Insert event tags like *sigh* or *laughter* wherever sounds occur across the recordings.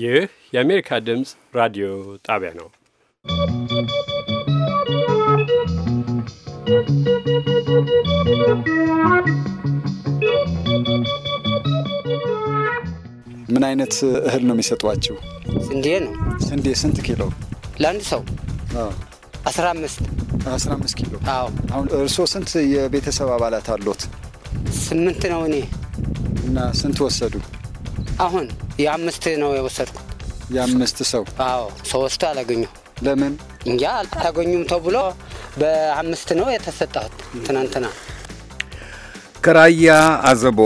ይህ የአሜሪካ ድምፅ ራዲዮ ጣቢያ ነው። ምን አይነት እህል ነው የሚሰጧችሁ? ስንዴ ነው። ስንዴ ስንት ኪሎ ለአንድ ሰው? አስራ አምስት 15 ኪሎ። አዎ። አሁን እርስዎ ስንት የቤተሰብ አባላት አሉት? ስምንት ነው እኔ። እና ስንት ወሰዱ? አሁን የአምስት ነው የወሰድኩት። የአምስት ሰው? አዎ። ሶስቱ አላገኙ። ለምን? እንጃ አላገኙም ተብሎ በአምስት ነው የተሰጣሁት ትናንትና ከራያ አዘቦ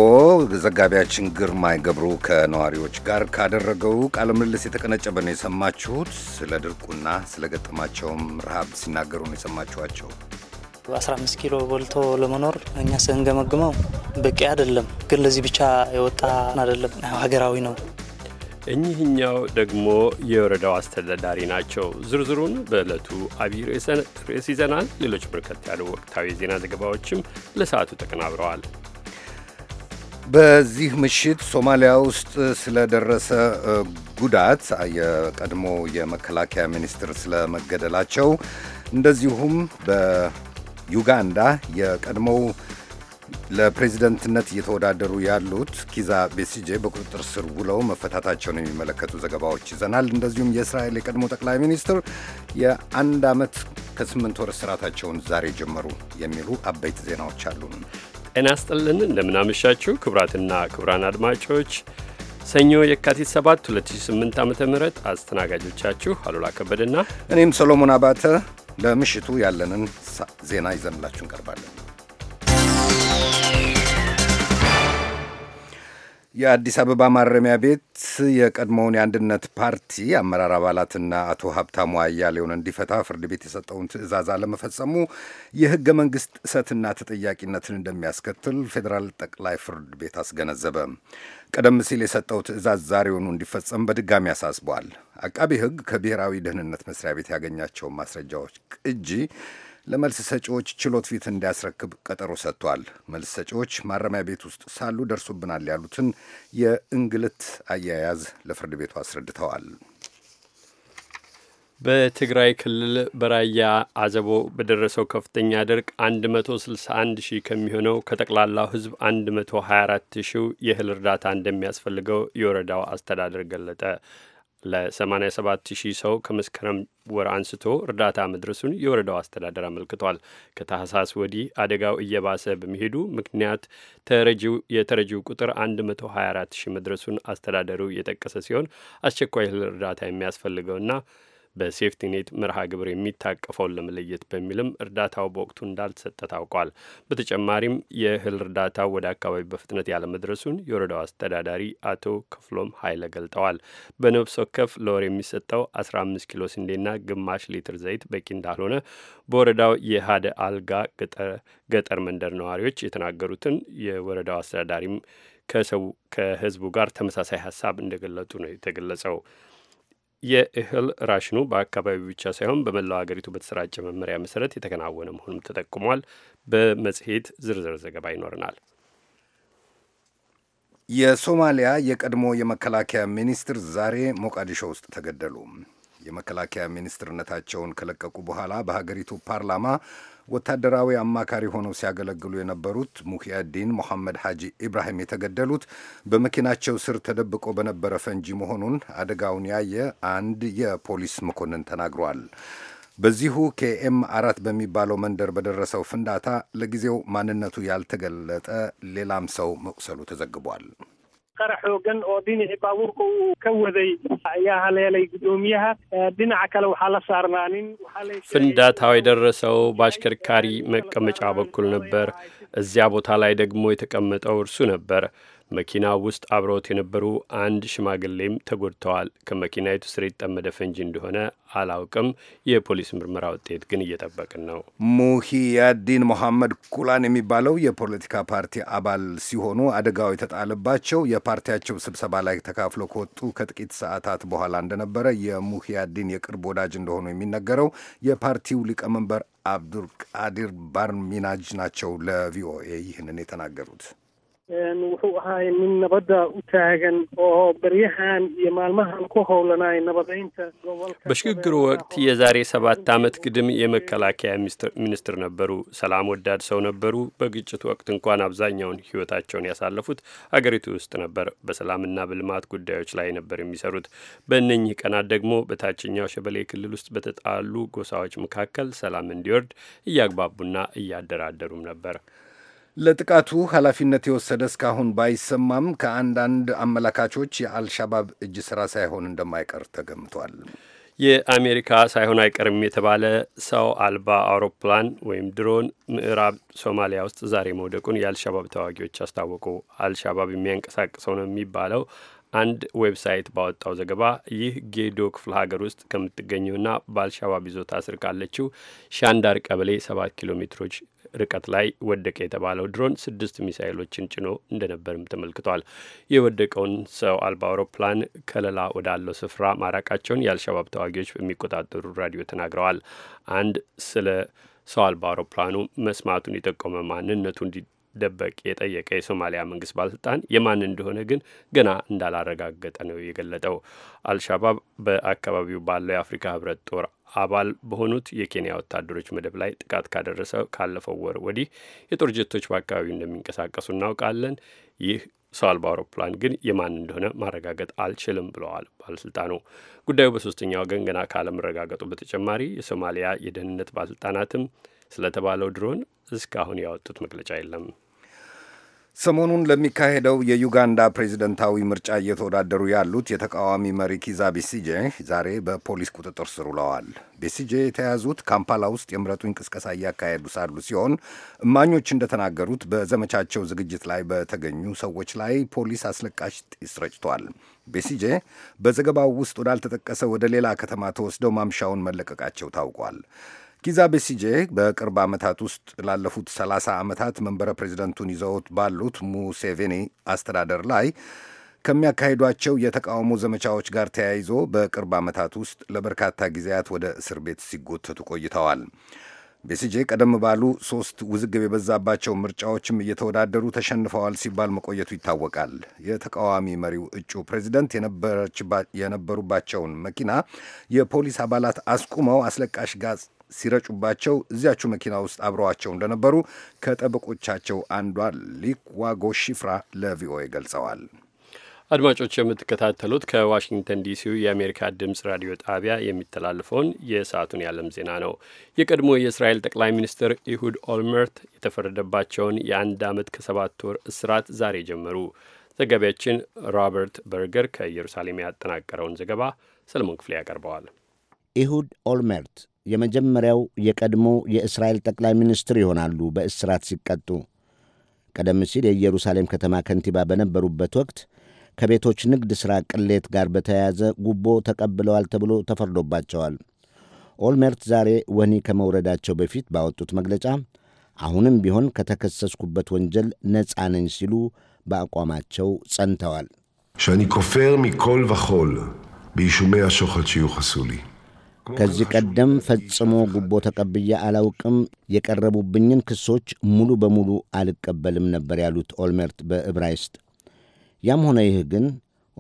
ዘጋቢያችን ግርማይ ገብሩ ከነዋሪዎች ጋር ካደረገው ቃለ ምልልስ የተቀነጨበ ነው የሰማችሁት። ስለ ድርቁና ስለ ገጠማቸውም ረሃብ ሲናገሩ ነው የሰማችኋቸው። 15 ኪሎ በልቶ ለመኖር እኛ ስንገመግመው በቂ አይደለም፣ ግን ለዚህ ብቻ የወጣ አይደለም፣ ሀገራዊ ነው። እኚህኛው ደግሞ የወረዳው አስተዳዳሪ ናቸው። ዝርዝሩን በዕለቱ አብይ ርዕስ ይዘናል። ሌሎች በርከት ያሉ ወቅታዊ የዜና ዘገባዎችም ለሰዓቱ ተቀናብረዋል። በዚህ ምሽት ሶማሊያ ውስጥ ስለደረሰ ጉዳት የቀድሞ የመከላከያ ሚኒስትር ስለመገደላቸው እንደዚሁም በዩጋንዳ የቀድሞው ለፕሬዚደንትነት እየተወዳደሩ ያሉት ኪዛ ቤሲጄ በቁጥጥር ስር ውለው መፈታታቸውን የሚመለከቱ ዘገባዎች ይዘናል። እንደዚሁም የእስራኤል የቀድሞ ጠቅላይ ሚኒስትር የአንድ ዓመት ከስምንት ወር እስራታቸውን ዛሬ ጀመሩ የሚሉ አበይት ዜናዎች አሉን። ጤና ይስጥልን፣ እንደምናመሻችሁ ክቡራትና ክቡራን አድማጮች ሰኞ የካቲት 7 2008 ዓ ም አስተናጋጆቻችሁ አሉላ ከበደና እኔም ሰሎሞን አባተ ለምሽቱ ያለንን ዜና ይዘንላችሁ እንቀርባለን። የአዲስ አበባ ማረሚያ ቤት የቀድሞውን የአንድነት ፓርቲ አመራር አባላትና አቶ ሀብታሙ አያሌውን እንዲፈታ ፍርድ ቤት የሰጠውን ትዕዛዝ አለመፈጸሙ የሕገ መንግሥት ጥሰትና ተጠያቂነትን እንደሚያስከትል ፌዴራል ጠቅላይ ፍርድ ቤት አስገነዘበ። ቀደም ሲል የሰጠው ትዕዛዝ ዛሬውኑ እንዲፈጸም በድጋሚ አሳስቧል። አቃቢ ሕግ ከብሔራዊ ደህንነት መስሪያ ቤት ያገኛቸውን ማስረጃዎች ቅጂ ለመልስ ሰጪዎች ችሎት ፊት እንዲያስረክብ ቀጠሮ ሰጥቷል። መልስ ሰጪዎች ማረሚያ ቤት ውስጥ ሳሉ ደርሶብናል ያሉትን የእንግልት አያያዝ ለፍርድ ቤቱ አስረድተዋል። በትግራይ ክልል በራያ አዘቦ በደረሰው ከፍተኛ ድርቅ 161 ሺህ ከሚሆነው ከጠቅላላው ሕዝብ 124 ሺው የእህል እርዳታ እንደሚያስፈልገው የወረዳው አስተዳደር ገለጠ። ለ87 ሺህ ሰው ከመስከረም ወር አንስቶ እርዳታ መድረሱን የወረዳው አስተዳደር አመልክቷል። ከታህሳስ ወዲህ አደጋው እየባሰ በመሄዱ ምክንያት የተረጂው ቁጥር 124 ሺህ መድረሱን አስተዳደሩ የጠቀሰ ሲሆን አስቸኳይ እህል እርዳታ የሚያስፈልገውና በሴፍቲኔት መርሃ ግብር የሚታቀፈውን ለመለየት በሚልም እርዳታው በወቅቱ እንዳልተሰጠ ታውቋል። በተጨማሪም የእህል እርዳታው ወደ አካባቢ በፍጥነት ያለመድረሱን የወረዳው አስተዳዳሪ አቶ ክፍሎም ኃይለ ገልጠዋል። በነፍስ ወከፍ ለወር የሚሰጠው 15 ኪሎ ስንዴና ግማሽ ሊትር ዘይት በቂ እንዳልሆነ በወረዳው የሀደ አልጋ ገጠር መንደር ነዋሪዎች የተናገሩትን የወረዳው አስተዳዳሪም ከህዝቡ ጋር ተመሳሳይ ሀሳብ እንደገለጡ ነው የተገለጸው። የእህል ራሽኑ በአካባቢው ብቻ ሳይሆን በመላው ሀገሪቱ በተሰራጨ መመሪያ መሰረት የተከናወነ መሆኑም ተጠቁሟል። በመጽሔት ዝርዝር ዘገባ ይኖረናል። የሶማሊያ የቀድሞ የመከላከያ ሚኒስትር ዛሬ ሞቃዲሾ ውስጥ ተገደሉ። የመከላከያ ሚኒስትርነታቸውን ከለቀቁ በኋላ በሀገሪቱ ፓርላማ ወታደራዊ አማካሪ ሆነው ሲያገለግሉ የነበሩት ሙሂያዲን ሞሐመድ ሐጂ ኢብራሂም የተገደሉት በመኪናቸው ስር ተደብቆ በነበረ ፈንጂ መሆኑን አደጋውን ያየ አንድ የፖሊስ መኮንን ተናግሯል። በዚሁ ኬኤም አራት በሚባለው መንደር በደረሰው ፍንዳታ ለጊዜው ማንነቱ ያልተገለጠ ሌላም ሰው መቁሰሉ ተዘግቧል። qara xoogan oo dhinacii baabuurka uu ka waday ayaa haleelay gudoomiyaha dhinaca kale waxaa la saarnaanin nin ፍንዳታው የደረሰው በአሽከርካሪ መቀመጫ በኩል ነበር። እዚያ ቦታ ላይ ደግሞ የተቀመጠው እርሱ ነበር። መኪና ውስጥ አብረውት የነበሩ አንድ ሽማግሌም ተጎድተዋል። ከመኪናይቱ ስር የተጠመደ ፈንጂ እንደሆነ አላውቅም። የፖሊስ ምርመራ ውጤት ግን እየጠበቅን ነው። ሙሂያዲን ሞሐመድ ኩላን የሚባለው የፖለቲካ ፓርቲ አባል ሲሆኑ አደጋው የተጣለባቸው የፓርቲያቸው ስብሰባ ላይ ተካፍለው ከወጡ ከጥቂት ሰዓታት በኋላ እንደነበረ የሙሂያዲን የቅርብ ወዳጅ እንደሆኑ የሚነገረው የፓርቲው ሊቀመንበር አብዱል ቃዲር ባርሚናጅ ናቸው ለቪኦኤ ይህንን የተናገሩት። wuxuu ahaa nin nabadda u taagan oo baryahan iyo maalmahan ku howlanay nabadaynta gobolka በሽግግሩ ወቅት የዛሬ ሰባት ዓመት ግድም የመከላከያ ሚኒስትር ነበሩ። ሰላም ወዳድ ሰው ነበሩ። በግጭት ወቅት እንኳን አብዛኛውን ሕይወታቸውን ያሳለፉት አገሪቱ ውስጥ ነበር። በሰላምና በልማት ጉዳዮች ላይ ነበር የሚሰሩት። በእነኚህ ቀናት ደግሞ በታችኛው ሸበሌ ክልል ውስጥ በተጣሉ ጎሳዎች መካከል ሰላም እንዲወርድ እያግባቡና እያደራደሩም ነበር። ለጥቃቱ ኃላፊነት የወሰደ እስካሁን ባይሰማም ከአንዳንድ አመላካቾች የአልሻባብ እጅ ስራ ሳይሆን እንደማይቀር ተገምቷል። የአሜሪካ ሳይሆን አይቀርም የተባለ ሰው አልባ አውሮፕላን ወይም ድሮን ምዕራብ ሶማሊያ ውስጥ ዛሬ መውደቁን የአልሻባብ ተዋጊዎች አስታወቁ። አልሻባብ የሚያንቀሳቅሰው ነው የሚባለው አንድ ዌብሳይት ባወጣው ዘገባ ይህ ጌዶ ክፍለ ሀገር ውስጥ ከምትገኘውና በአልሻባብ ይዞታ ስር ካለችው ሻንዳር ቀበሌ ሰባት ኪሎ ሜትሮች ርቀት ላይ ወደቀ የተባለው ድሮን ስድስት ሚሳይሎችን ጭኖ እንደነበርም ተመልክቷል። የወደቀውን ሰው አልባ አውሮፕላን ከለላ ወዳለው ስፍራ ማራቃቸውን የአልሸባብ ተዋጊዎች በሚቆጣጠሩ ራዲዮ ተናግረዋል። አንድ ስለ ሰው አልባ አውሮፕላኑ መስማቱን የጠቆመ ማንነቱ ደበቅ የጠየቀ የሶማሊያ መንግስት ባለስልጣን የማን እንደሆነ ግን ገና እንዳላረጋገጠ ነው የገለጠው። አልሻባብ በአካባቢው ባለው የአፍሪካ ህብረት ጦር አባል በሆኑት የኬንያ ወታደሮች መደብ ላይ ጥቃት ካደረሰ ካለፈው ወር ወዲህ የጦር ጀቶች በአካባቢው እንደሚንቀሳቀሱ እናውቃለን። ይህ ሰው አልባ አውሮፕላን ግን የማን እንደሆነ ማረጋገጥ አልችልም ብለዋል ባለስልጣኑ። ጉዳዩ በሶስተኛ ወገን ገና ካለመረጋገጡ በተጨማሪ የሶማሊያ የደህንነት ባለስልጣናትም ስለተባለው ድሮን እስካሁን ያወጡት መግለጫ የለም። ሰሞኑን ለሚካሄደው የዩጋንዳ ፕሬዚደንታዊ ምርጫ እየተወዳደሩ ያሉት የተቃዋሚ መሪ ኪዛ ቤሲጄ ዛሬ በፖሊስ ቁጥጥር ስር ውለዋል። ቤሲጄ የተያዙት ካምፓላ ውስጥ የምረጡኝ ቅስቀሳ እያካሄዱ ሳሉ ሲሆን እማኞች እንደተናገሩት በዘመቻቸው ዝግጅት ላይ በተገኙ ሰዎች ላይ ፖሊስ አስለቃሽ ጢስ ረጭቷል። ቤሲጄ በዘገባው ውስጥ ወዳልተጠቀሰ ወደ ሌላ ከተማ ተወስደው ማምሻውን መለቀቃቸው ታውቋል። ኪዛ ቤሲጄ በቅርብ ዓመታት ውስጥ ላለፉት 30 ዓመታት መንበረ ፕሬዚደንቱን ይዘውት ባሉት ሙሴቬኒ አስተዳደር ላይ ከሚያካሂዷቸው የተቃውሞ ዘመቻዎች ጋር ተያይዞ በቅርብ ዓመታት ውስጥ ለበርካታ ጊዜያት ወደ እስር ቤት ሲጎተቱ ቆይተዋል። ቤሲጄ ቀደም ባሉ ሶስት ውዝግብ የበዛባቸው ምርጫዎችም እየተወዳደሩ ተሸንፈዋል ሲባል መቆየቱ ይታወቃል። የተቃዋሚ መሪው እጩ ፕሬዚደንት የነበሩባቸውን መኪና የፖሊስ አባላት አስቁመው አስለቃሽ ጋዝ ሲረጩባቸው እዚያችው መኪና ውስጥ አብረዋቸው እንደነበሩ ከጠበቆቻቸው አንዷ ሊክዋጎ ሽፍራ ለቪኦኤ ገልጸዋል። አድማጮች የምትከታተሉት ከዋሽንግተን ዲሲው የአሜሪካ ድምፅ ራዲዮ ጣቢያ የሚተላለፈውን የሰዓቱን የዓለም ዜና ነው። የቀድሞ የእስራኤል ጠቅላይ ሚኒስትር ኢሁድ ኦልመርት የተፈረደባቸውን የአንድ ዓመት ከሰባት ወር እስራት ዛሬ ጀመሩ። ዘጋቢያችን ሮበርት በርገር ከኢየሩሳሌም ያጠናቀረውን ዘገባ ሰለሞን ክፍሌ ያቀርበዋል። ኢሁድ ኦልሜርት የመጀመሪያው የቀድሞ የእስራኤል ጠቅላይ ሚኒስትር ይሆናሉ በእስራት ሲቀጡ። ቀደም ሲል የኢየሩሳሌም ከተማ ከንቲባ በነበሩበት ወቅት ከቤቶች ንግድ ሥራ ቅሌት ጋር በተያያዘ ጉቦ ተቀብለዋል ተብሎ ተፈርዶባቸዋል። ኦልሜርት ዛሬ ወህኒ ከመውረዳቸው በፊት ባወጡት መግለጫ አሁንም ቢሆን ከተከሰስኩበት ወንጀል ነፃ ነኝ ሲሉ በአቋማቸው ጸንተዋል። שאני כופר מכל וכול באישומי השוחד שיוחסו ከዚህ ቀደም ፈጽሞ ጉቦ ተቀብዬ አላውቅም፣ የቀረቡብኝን ክሶች ሙሉ በሙሉ አልቀበልም ነበር ያሉት ኦልሜርት በዕብራይስጥ። ያም ሆነ ይህ ግን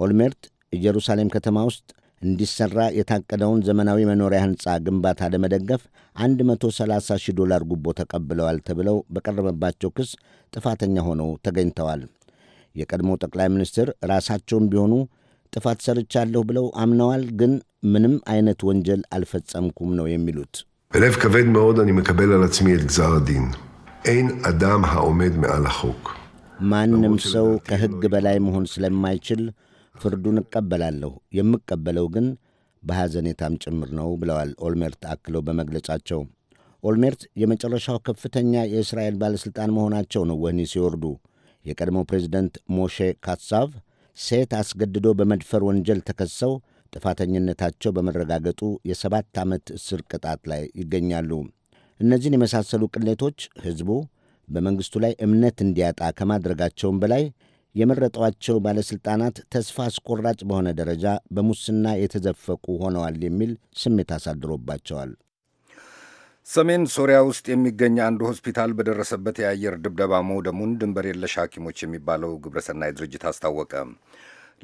ኦልሜርት ኢየሩሳሌም ከተማ ውስጥ እንዲሠራ የታቀደውን ዘመናዊ መኖሪያ ሕንፃ ግንባታ ለመደገፍ 130 ሺህ ዶላር ጉቦ ተቀብለዋል ተብለው በቀረበባቸው ክስ ጥፋተኛ ሆነው ተገኝተዋል። የቀድሞ ጠቅላይ ሚኒስትር ራሳቸውም ቢሆኑ ጥፋት ሰርቻለሁ ብለው አምነዋል፣ ግን ምንም አይነት ወንጀል አልፈጸምኩም ነው የሚሉት። በለብ ከበድ מאוד אני מקבל על עצמי את גזר הדין. אין אדם העומד מעל החוק. ማንም ሰው ከሕግ በላይ መሆን ስለማይችል ፍርዱን እቀበላለሁ። የምቀበለው ግን በሐዘኔታም ጭምር ነው ብለዋል ኦልሜርት አክለው በመግለጫቸው። ኦልሜርት የመጨረሻው ከፍተኛ የእስራኤል ባለሥልጣን መሆናቸው ነው ወህኒ ሲወርዱ። የቀድሞው ፕሬዚደንት ሞሼ ካትሳቭ ሴት አስገድዶ በመድፈር ወንጀል ተከሰው ጥፋተኝነታቸው በመረጋገጡ የሰባት ዓመት እስር ቅጣት ላይ ይገኛሉ። እነዚህን የመሳሰሉ ቅሌቶች ሕዝቡ በመንግሥቱ ላይ እምነት እንዲያጣ ከማድረጋቸውም በላይ የመረጧቸው ባለሥልጣናት ተስፋ አስቆራጭ በሆነ ደረጃ በሙስና የተዘፈቁ ሆነዋል የሚል ስሜት አሳድሮባቸዋል። ሰሜን ሶሪያ ውስጥ የሚገኝ አንድ ሆስፒታል በደረሰበት የአየር ድብደባ መውደሙን ድንበር የለሽ ሐኪሞች የሚባለው ግብረሰናይ ድርጅት አስታወቀ።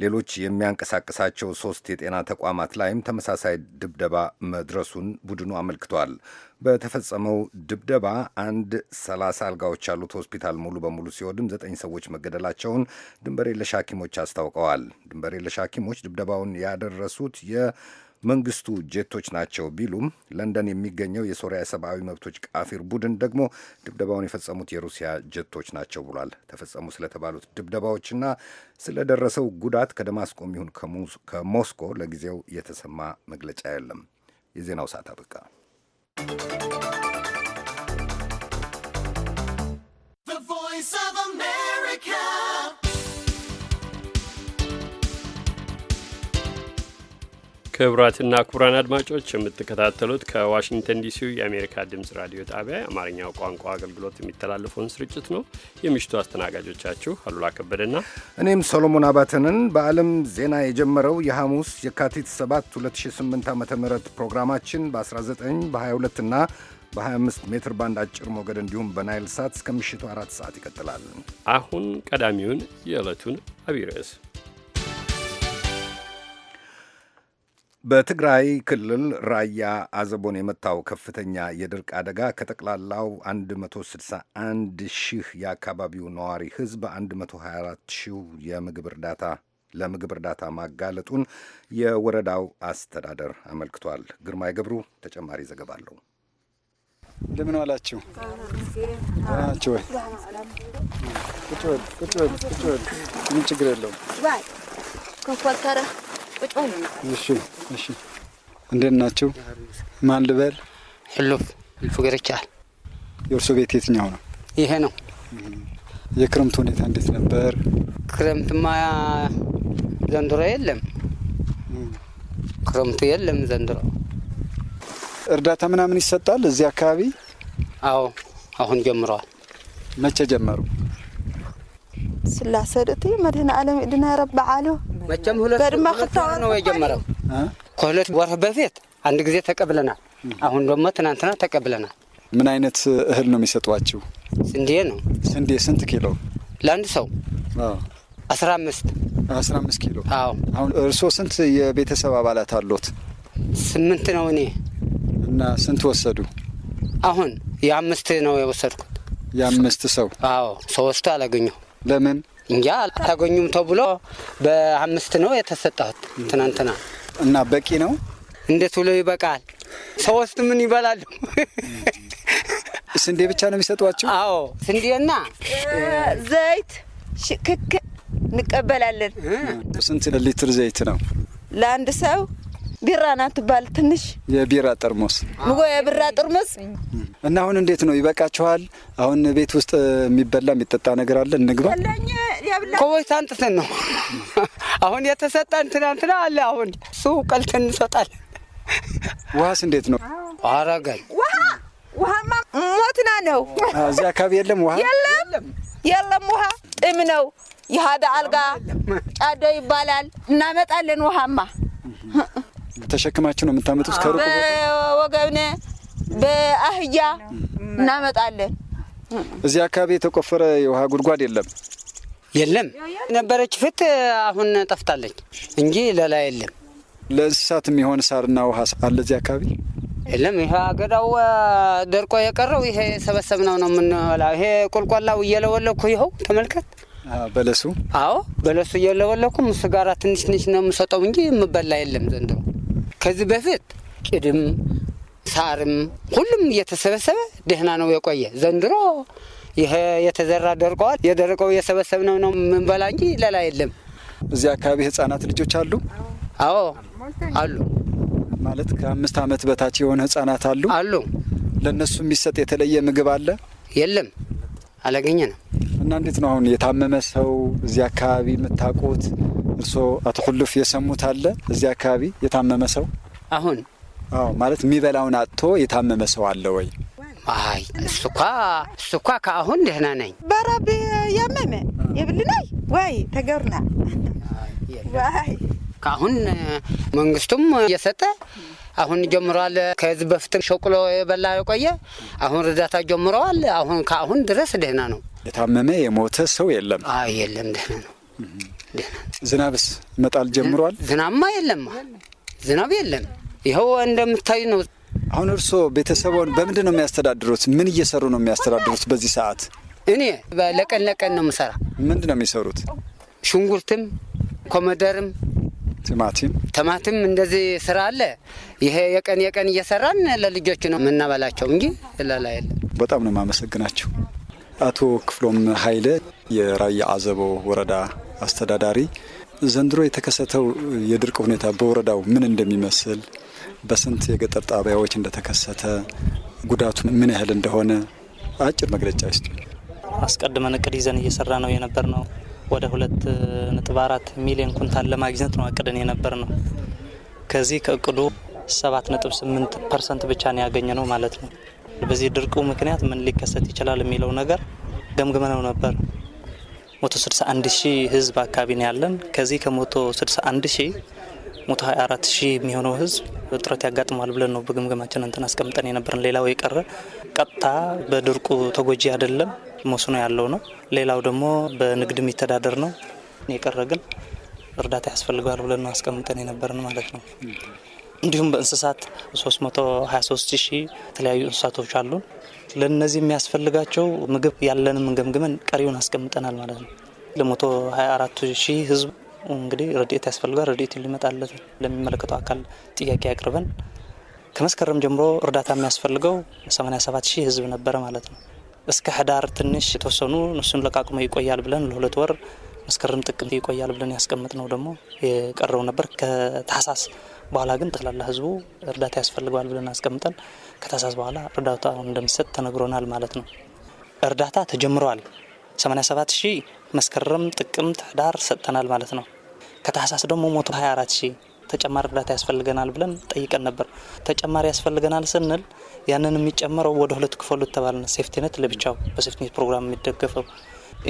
ሌሎች የሚያንቀሳቅሳቸው ሶስት የጤና ተቋማት ላይም ተመሳሳይ ድብደባ መድረሱን ቡድኑ አመልክቷል። በተፈጸመው ድብደባ አንድ ሰላሳ አልጋዎች ያሉት ሆስፒታል ሙሉ በሙሉ ሲወድም ዘጠኝ ሰዎች መገደላቸውን ድንበር የለሽ ሐኪሞች አስታውቀዋል። ድንበር የለሽ ሐኪሞች ድብደባውን ያደረሱት የ መንግስቱ ጄቶች ናቸው ቢሉም ለንደን የሚገኘው የሶሪያ የሰብአዊ መብቶች ቃፊር ቡድን ደግሞ ድብደባውን የፈጸሙት የሩሲያ ጄቶች ናቸው ብሏል። ተፈጸሙ ስለተባሉት ድብደባዎችና ስለደረሰው ጉዳት ከደማስቆ ይሁን ከሞስኮ ለጊዜው የተሰማ መግለጫ የለም። የዜናው ሰዓት አበቃ። ክቡራትና ክቡራን አድማጮች የምትከታተሉት ከዋሽንግተን ዲሲው የአሜሪካ ድምፅ ራዲዮ ጣቢያ የአማርኛው ቋንቋ አገልግሎት የሚተላለፈውን ስርጭት ነው። የምሽቱ አስተናጋጆቻችሁ አሉላ ከበደና እኔም ሰሎሞን አባተንን በዓለም ዜና የጀመረው የሐሙስ የካቲት 7 2008 ዓ ም ፕሮግራማችን በ19 በ22 እና በ25 ሜትር ባንድ አጭር ሞገድ እንዲሁም በናይል ሳት እስከ ምሽቱ አራት ሰዓት ይቀጥላል። አሁን ቀዳሚውን የዕለቱን አብይ ርዕስ በትግራይ ክልል ራያ አዘቦን የመታው ከፍተኛ የድርቅ አደጋ ከጠቅላላው 161 ሺህ የአካባቢው ነዋሪ ህዝብ 124 ሺህ የምግብ እርዳታ ለምግብ እርዳታ ማጋለጡን የወረዳው አስተዳደር አመልክቷል። ግርማይ ገብሩ ተጨማሪ ዘገባ አለው። እንደምን ዋላችሁ? ምን ችግር የለውም። እሺ፣ እሺ። እንዴት ናችሁ? ማን ልበል? ሕሉፍ ሕልፉ ገርቻል። የእርሶ ቤት የትኛው ነው? ይሄ ነው። የክረምቱ ሁኔታ እንዴት ነበር? ክረምትማ ዘንድሮ የለም፣ ክረምቱ የለም ዘንድሮ። እርዳታ ምናምን ይሰጣል እዚህ አካባቢ? አዎ፣ አሁን ጀምረዋል። መቼ ጀመሩ? ስላሰ ድእቲ መድህን ዓለም እድና ረባዓሉ መቸም በድማ ክልታወር ነው የጀመረው። ከሁለት ወርህ በፊት አንድ ጊዜ ተቀብለናል። አሁን ደግሞ ትናንትና ተቀብለናል። ምን አይነት እህል ነው የሚሰጧችሁ? ስንዴ ነው። ስንዴ ስንት ኪሎ ለአንድ ሰው? አስራ አምስት አስራ አምስት ኪሎ። አዎ። አሁን እርስዎ ስንት የቤተሰብ አባላት አሉት? ስምንት ነው እኔ እና ስንት ወሰዱ? አሁን የአምስት ነው የወሰድኩት። የአምስት ሰው? አዎ። ሶስቱ አላገኘሁ ለምን እንጃ አታገኙም ተብሎ በአምስት ነው የተሰጠሁት ትናንትና። እና በቂ ነው እንዴት ብሎ ይበቃል? ሶስት ምን ይበላሉ? ስንዴ ብቻ ነው የሚሰጧቸው? አዎ ስንዴና ዘይት ሽክክ እንቀበላለን። ስንት ሊትር ዘይት ነው ለአንድ ሰው? ቢራ ና ትባል ትንሽ የቢራ ጠርሙስ ምጎ የቢራ ጠርሙስ እና አሁን እንዴት ነው ይበቃችኋል? አሁን ቤት ውስጥ የሚበላ የሚጠጣ ነገር አለ እንግባ። ከቦይታ አንጥተን ነው *laughs* አሁን የተሰጠን ትናንትና አለ። አሁን እሱ ቀልት እንሰጣል። *laughs* ውሃስ እንዴት ነው አረጋኝ? ውሃማ ሞትና ነው። እዚህ አካባቢ የለም ውሃ የለም የለም። ውሃ ጥም ነው። የሀደ አልጋ ጫዶ ይባላል። እናመጣለን ውሃማ ተሸክማችሁ ነው የምታመጡት? ከሩቅ በወገብነ በአህያ እናመጣለን። እዚህ አካባቢ የተቆፈረ የውሃ ጉድጓድ የለም የለም። ነበረች ፍት አሁን ጠፍታለች እንጂ ሌላ የለም። ለእንስሳት የሚሆን ሳርና ውሃ አለ እዚህ አካባቢ የለም። ይሄ አገዳው ደርቆ የቀረው ይሄ ሰበሰብነው ነው የምንበላው። ይሄ ቁልቋላው እየለወለኩ ይኸው ተመልከት። በለሱ አዎ፣ በለሱ እየለወለኩ ምስ ጋራ ትንሽ ትንሽ ነው የምሰጠው እንጂ የምበላ የለም ዘንድሮ። ከዚህ በፊት ጭድም ሳርም ሁሉም እየተሰበሰበ ደህና ነው የቆየ። ዘንድሮ ይሄ የተዘራ ደርቀዋል። የደረቀው እየሰበሰብነው ነው የምንበላ እንጂ ሌላ የለም። እዚህ አካባቢ ህጻናት ልጆች አሉ? አዎ አሉ። ማለት ከአምስት አመት በታች የሆነ ህጻናት አሉ? አሉ። ለእነሱ የሚሰጥ የተለየ ምግብ አለ? የለም። አላገኘ ነው እና እንዴት ነው አሁን የታመመ ሰው እዚህ አካባቢ የምታውቁት እርስዎ አቶ ሁሉፍ የሰሙት አለ? እዚህ አካባቢ የታመመ ሰው አሁን አዎ፣ ማለት የሚበላውን አጥቶ የታመመ ሰው አለ ወይ? አይ እሱኳ እሱኳ ከአሁን ደህና ነኝ። በረብ ያመመ የብልናይ ወይ ተገብርና ከአሁን መንግስቱም እየሰጠ አሁን ጀምረዋል። ከዚህ በፊት ሸቁሎ የበላ የቆየ አሁን እርዳታ ጀምረዋል። አሁን ከአሁን ድረስ ደህና ነው። የታመመ የሞተ ሰው የለም። አዎ የለም፣ ደህና ነው። ዝናብስ መጣል ጀምሯል? ዝናብማ የለም፣ ዝናብ የለም። ይኸው እንደምታዩ ነው። አሁን እርስዎ ቤተሰቦን በምንድን ነው የሚያስተዳድሩት? ምን እየሰሩ ነው የሚያስተዳድሩት በዚህ ሰዓት? እኔ ለቀን ለቀን ነው የምሰራ። ምንድን ነው የሚሰሩት? ሽንኩርትም ኮመደርም ቲማቲም ቲማቲም እንደዚህ ስራ አለ። ይሄ የቀን የቀን እየሰራን ለልጆች ነው የምናበላቸው እንጂ ለላ የለ። በጣም ነው የማመሰግናቸው። አቶ ክፍሎም ኃይለ የራያ አዘቦ ወረዳ አስተዳዳሪ፣ ዘንድሮ የተከሰተው የድርቅ ሁኔታ በወረዳው ምን እንደሚመስል፣ በስንት የገጠር ጣቢያዎች እንደተከሰተ፣ ጉዳቱ ምን ያህል እንደሆነ አጭር መግለጫ ይስጡ። አስቀድመን እቅድ ይዘን እየሰራ ነው የነበር ነው ወደ ሁለት ነጥብ አራት ሚሊዮን ኩንታል ለማግኘት ነው አቅደን የነበር ነው። ከዚህ ከእቅዱ ሰባት ፐርሰንት ብቻ ነው ያገኘ ነው ማለት ነው። በዚህ ድርቁ ምክንያት ምን ሊከሰት ይችላል የሚለው ነገር ገምግመነው ነበር። 161 ሺህ ህዝብ አካባቢ ነው ያለን። ከዚህ ከ161 ሺህ የሚሆነው ህዝብ እጥረት ያጋጥመዋል ብለን ነው በግምገማችን እንትን አስቀምጠን ሌላው የቀረ ቀጥታ በድርቁ ተጎጂ አይደለም። መስኖ ያለው ነው። ሌላው ደግሞ በንግድ የሚተዳደር ነው። የቀረ ግን እርዳታ ያስፈልገዋል ብለን አስቀምጠን የነበረን ማለት ነው። እንዲሁም በእንስሳት 323 ሺህ የተለያዩ እንስሳቶች አሉን። ለእነዚህ የሚያስፈልጋቸው ምግብ ያለንም ገምግመን ቀሪውን አስቀምጠናል ማለት ነው። 24 ሺህ ህዝብ እንግዲህ ረድኤት ያስፈልጋል። ረድኤት ሊመጣለት ለሚመለከተው አካል ጥያቄ አቅርበን ከመስከረም ጀምሮ እርዳታ የሚያስፈልገው 87 ሺህ ህዝብ ነበረ ማለት ነው። እስከ ህዳር ትንሽ የተወሰኑ እነሱን ለቃቅመው ይቆያል ብለን ለሁለት ወር መስከረም ጥቅምት ይቆያል ብለን ያስቀምጥ ነው ደግሞ የቀረው ነበር። ከታህሳስ በኋላ ግን ጠቅላላ ህዝቡ እርዳታ ያስፈልገዋል ብለን አስቀምጠን ከታህሳስ በኋላ እርዳታ እንደሚሰጥ ተነግሮናል ማለት ነው። እርዳታ ተጀምረዋል። 87 ሺህ መስከረም፣ ጥቅምት፣ ህዳር ሰጥተናል ማለት ነው። ከታህሳስ ደግሞ ሞቶ 24 ሺህ ተጨማሪ እርዳታ ያስፈልገናል ብለን ጠይቀን ነበር። ተጨማሪ ያስፈልገናል ስንል ያንን የሚጨመረው ወደ ሁለት ክፈሉ ተባልን። ሴፍቲነት ለብቻው በሴፍቲኔት ፕሮግራም የሚደገፈው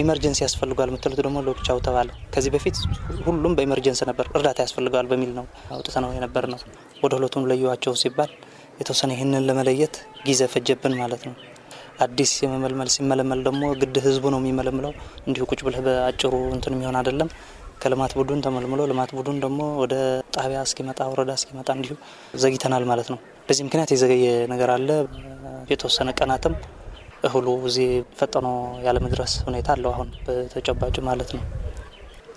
ኢመርጀንሲ ያስፈልጓል ምትሉት ደግሞ ለብቻው ተባለ። ከዚህ በፊት ሁሉም በኢመርጀንሲ ነበር፣ እርዳታ ያስፈልገዋል በሚል ነው አውጥተ ነው የነበር ነው። ወደ ሁለቱም ለዩዋቸው ሲባል የተወሰነ ይህንን ለመለየት ጊዜ ፈጀብን ማለት ነው። አዲስ የመመልመል ሲመለመል ደግሞ ግድ ህዝቡ ነው የሚመለምለው። እንዲሁ ቁጭ ብለህ በአጭሩ እንትን የሚሆን አይደለም። ከልማት ቡድን ተመልምሎ ልማት ቡድን ደግሞ ወደ ጣቢያ እስኪመጣ ወረዳ እስኪመጣ እንዲሁ ዘግይተናል ማለት ነው። በዚህ ምክንያት የዘገየ ነገር አለ። የተወሰነ ቀናትም እህሉ እዚህ ፈጠኖ ያለመድረስ ሁኔታ አለው አሁን በተጨባጭ ማለት ነው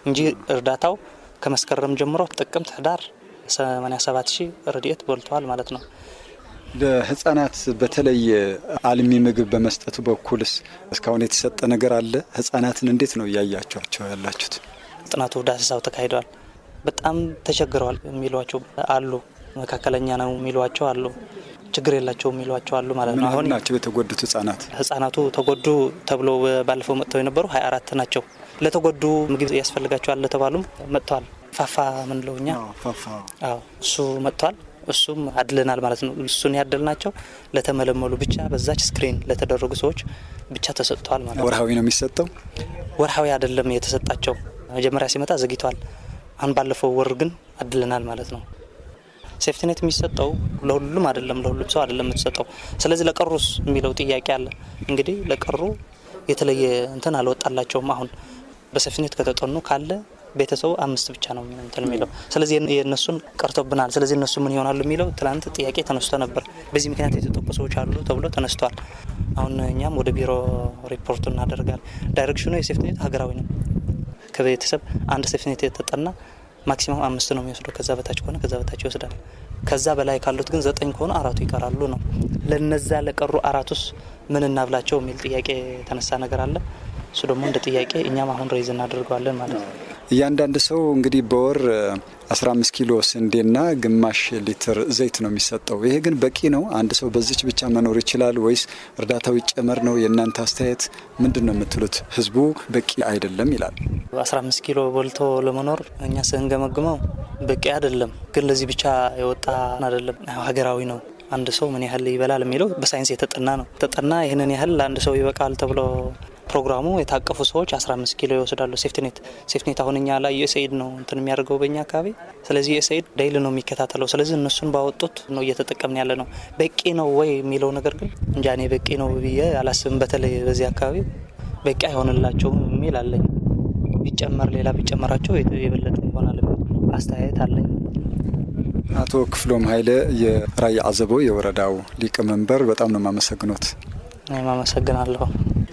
እንጂ እርዳታው ከመስከረም ጀምሮ ጥቅምት፣ ህዳር 87 ሺህ ርድኤት በልተዋል ማለት ነው። ለህጻናት በተለይ አልሚ ምግብ በመስጠቱ በኩልስ እስካሁን የተሰጠ ነገር አለ? ህጻናትን እንዴት ነው እያያቸቸው ያላችሁት? ጥናቱ ዳሰሳው ተካሂደዋል። በጣም ተቸግረዋል የሚሏቸው አሉ፣ መካከለኛ ነው የሚሏቸው አሉ፣ ችግር የላቸው የሚሏቸው አሉ ማለት ነው። አሁን ናቸው የተጎዱት ህጻናት ህጻናቱ ተጎዱ ተብሎ ባለፈው መጥተው የነበሩ ሀያ አራት ናቸው። ለተጎዱ ምግብ ያስፈልጋቸዋል ለተባሉም መጥተዋል። ፋፋ ምንለው እኛ እሱ መጥተዋል። እሱም አድለናል ማለት ነው። እሱን ያደል ናቸው ለተመለመሉ ብቻ በዛች ስክሪን ለተደረጉ ሰዎች ብቻ ተሰጥተዋል ማለት ነው። ወርሃዊ ነው የሚሰጠው፣ ወርሃዊ አይደለም የተሰጣቸው መጀመሪያ ሲመጣ ዘግይቷል። አሁን ባለፈው ወር ግን አድለናል ማለት ነው። ሴፍቲኔት የሚሰጠው ለሁሉም አይደለም፣ ለሁሉም ሰው አይደለም የምትሰጠው። ስለዚህ ለቀሩስ የሚለው ጥያቄ አለ። እንግዲህ ለቀሩ የተለየ እንትን አልወጣላቸውም። አሁን በሴፍቲኔት ከተጠኑ ካለ ቤተሰቡ አምስት ብቻ ነው እንትን የሚለው ስለዚህ የእነሱን ቀርቶብናል። ስለዚህ እነሱ ምን ይሆናሉ የሚለው ትላንት ጥያቄ ተነስቶ ነበር። በዚህ ምክንያት የተጠቁ ሰዎች አሉ ተብሎ ተነስተዋል። አሁን እኛም ወደ ቢሮ ሪፖርቱ እናደርጋል። ዳይሬክሽኑ የሴፍቲኔት ሀገራዊ ነው ከቤተሰብ አንድ ሴፍቲኔት የተጠና ማክሲማም አምስት ነው የሚወስደው። ከዛ በታች ከሆነ ከዛ በታች ይወስዳል። ከዛ በላይ ካሉት ግን ዘጠኝ ከሆኑ አራቱ ይቀራሉ ነው። ለነዛ ለቀሩ አራቱስ ምን እናብላቸው የሚል ጥያቄ የተነሳ ነገር አለ። እሱ ደግሞ እንደ ጥያቄ እኛም አሁን ሬይዝ እናደርገዋለን ማለት ነው። እያንዳንድ ሰው እንግዲህ በወር 15 ኪሎ ስንዴና ግማሽ ሊትር ዘይት ነው የሚሰጠው። ይሄ ግን በቂ ነው? አንድ ሰው በዚች ብቻ መኖር ይችላል ወይስ እርዳታው ይጨመር ነው? የእናንተ አስተያየት ምንድን ነው የምትሉት? ህዝቡ በቂ አይደለም ይላል። 15 ኪሎ በልቶ ለመኖር እኛ ስንገመግመው በቂ አይደለም። ግን ለዚህ ብቻ የወጣ አይደለም፣ ሀገራዊ ነው። አንድ ሰው ምን ያህል ይበላል የሚለው በሳይንስ የተጠና ነው። ተጠና ይህንን ያህል ለአንድ ሰው ይበቃል ተብሎ ፕሮግራሙ የታቀፉ ሰዎች 15 ኪሎ ይወስዳሉ። ሴፍትኔት ሴፍትኔት አሁን እኛ ላይ ዩኤስኤድ ነው እንትን የሚያደርገው በእኛ አካባቢ። ስለዚህ ዩኤስኤድ ዳይል ነው የሚከታተለው። ስለዚህ እነሱን ባወጡት ነው እየተጠቀምን ያለ ነው። በቂ ነው ወይ የሚለው ነገር ግን እንጃ እኔ በቂ ነው ብዬ አላስብም። በተለይ በዚህ አካባቢ በቂ አይሆንላቸውም የሚል አለኝ። ቢጨመር ሌላ ቢጨመራቸው የበለጠ ይሆናል አስተያየት አለኝ። አቶ ክፍሎም ኃይለ የራያ አዘቦ የወረዳው ሊቀመንበር፣ በጣም ነው የማመሰግኖት። እኔም አመሰግናለሁ።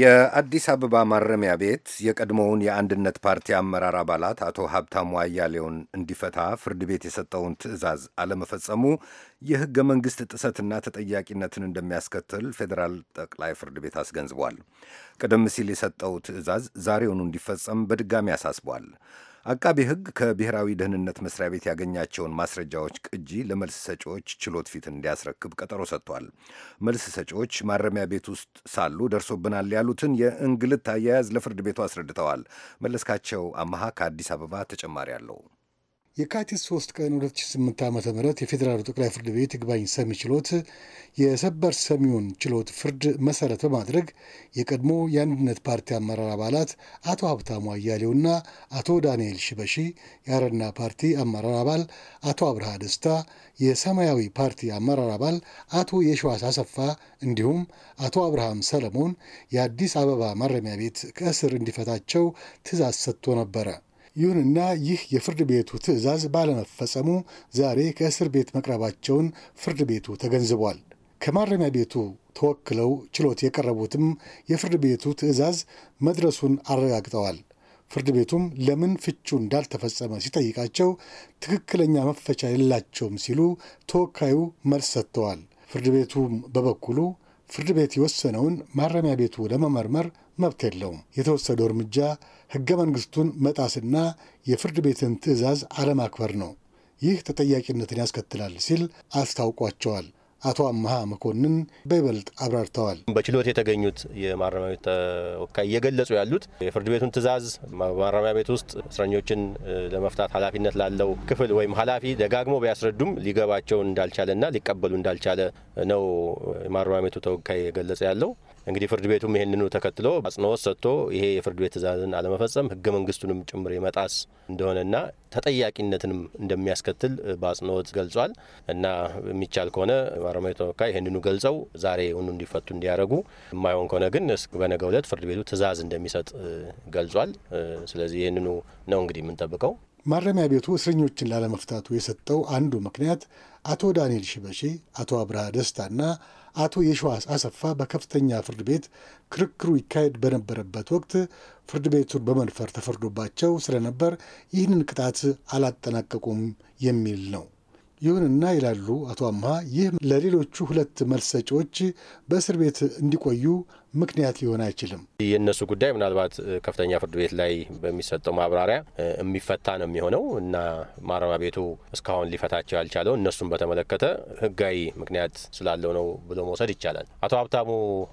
የአዲስ አበባ ማረሚያ ቤት የቀድሞውን የአንድነት ፓርቲ አመራር አባላት አቶ ሀብታሙ አያሌውን እንዲፈታ ፍርድ ቤት የሰጠውን ትዕዛዝ አለመፈጸሙ የሕገ መንግሥት ጥሰትና ተጠያቂነትን እንደሚያስከትል ፌዴራል ጠቅላይ ፍርድ ቤት አስገንዝቧል። ቀደም ሲል የሰጠው ትዕዛዝ ዛሬውኑ እንዲፈጸም በድጋሚ አሳስቧል። አቃቢ ሕግ ከብሔራዊ ደህንነት መስሪያ ቤት ያገኛቸውን ማስረጃዎች ቅጂ ለመልስ ሰጪዎች ችሎት ፊት እንዲያስረክብ ቀጠሮ ሰጥቷል። መልስ ሰጪዎች ማረሚያ ቤት ውስጥ ሳሉ ደርሶብናል ያሉትን የእንግልት አያያዝ ለፍርድ ቤቱ አስረድተዋል። መለስካቸው አመሃ ከአዲስ አበባ ተጨማሪ አለው። የካቲት 3 ቀን 2008 ዓ ም የፌዴራሉ ጠቅላይ ፍርድ ቤት ይግባኝ ሰሚ ችሎት የሰበር ሰሚውን ችሎት ፍርድ መሰረት በማድረግ የቀድሞ የአንድነት ፓርቲ አመራር አባላት አቶ ሀብታሙ አያሌውና አቶ ዳንኤል ሽበሺ፣ የአረና ፓርቲ አመራር አባል አቶ አብርሃ ደስታ፣ የሰማያዊ ፓርቲ አመራር አባል አቶ የሸዋስ አሰፋ እንዲሁም አቶ አብርሃም ሰለሞን የአዲስ አበባ ማረሚያ ቤት ከእስር እንዲፈታቸው ትእዛዝ ሰጥቶ ነበረ። ይሁንና ይህ የፍርድ ቤቱ ትዕዛዝ ባለመፈጸሙ ዛሬ ከእስር ቤት መቅረባቸውን ፍርድ ቤቱ ተገንዝቧል። ከማረሚያ ቤቱ ተወክለው ችሎት የቀረቡትም የፍርድ ቤቱ ትዕዛዝ መድረሱን አረጋግጠዋል። ፍርድ ቤቱም ለምን ፍቹ እንዳልተፈጸመ ሲጠይቃቸው ትክክለኛ መፈቻ የላቸውም ሲሉ ተወካዩ መልስ ሰጥተዋል። ፍርድ ቤቱም በበኩሉ ፍርድ ቤት የወሰነውን ማረሚያ ቤቱ ለመመርመር መብት የለውም የተወሰደው እርምጃ ህገ መንግስቱን መጣስና የፍርድ ቤትን ትዕዛዝ አለማክበር ነው። ይህ ተጠያቂነትን ያስከትላል ሲል አስታውቋቸዋል። አቶ አመሀ መኮንን በይበልጥ አብራርተዋል። በችሎት የተገኙት የማረሚያ ቤት ተወካይ እየገለጹ ያሉት የፍርድ ቤቱን ትዕዛዝ ማረሚያ ቤት ውስጥ እስረኞችን ለመፍታት ኃላፊነት ላለው ክፍል ወይም ኃላፊ ደጋግሞ ቢያስረዱም ሊገባቸው እንዳልቻለና ሊቀበሉ እንዳልቻለ ነው የማረሚያ ቤቱ ተወካይ የገለጸ ያለው። እንግዲህ ፍርድ ቤቱም ይህንኑ ተከትሎ አጽንኦት ሰጥቶ ይሄ የፍርድ ቤት ትእዛዝን አለመፈጸም ህገ መንግስቱንም ጭምር የመጣስ እንደሆነና ተጠያቂነትንም እንደሚያስከትል በአጽንኦት ገልጿል እና የሚቻል ከሆነ ማረሚያ ተወካይ ይህንኑ ገልጸው ዛሬ ሁኑ እንዲፈቱ እንዲያደርጉ፣ የማይሆን ከሆነ ግን በነገ ዕለት ፍርድ ቤቱ ትእዛዝ እንደሚሰጥ ገልጿል። ስለዚህ ይህንኑ ነው እንግዲህ የምንጠብቀው። ማረሚያ ቤቱ እስረኞችን ላለመፍታቱ የሰጠው አንዱ ምክንያት አቶ ዳንኤል ሽበሺ፣ አቶ አብርሃ ደስታና አቶ የሸዋስ አሰፋ በከፍተኛ ፍርድ ቤት ክርክሩ ይካሄድ በነበረበት ወቅት ፍርድ ቤቱን በመድፈር ተፈርዶባቸው ስለነበር ይህንን ቅጣት አላጠናቀቁም የሚል ነው። ይሁንና ይላሉ አቶ አምሃ፣ ይህ ለሌሎቹ ሁለት መልስ ሰጪዎች በእስር ቤት እንዲቆዩ ምክንያት ሊሆን አይችልም። የእነሱ ጉዳይ ምናልባት ከፍተኛ ፍርድ ቤት ላይ በሚሰጠው ማብራሪያ የሚፈታ ነው የሚሆነው እና ማረሚያ ቤቱ እስካሁን ሊፈታቸው ያልቻለው እነሱን በተመለከተ ሕጋዊ ምክንያት ስላለው ነው ብሎ መውሰድ ይቻላል። አቶ ሀብታሙ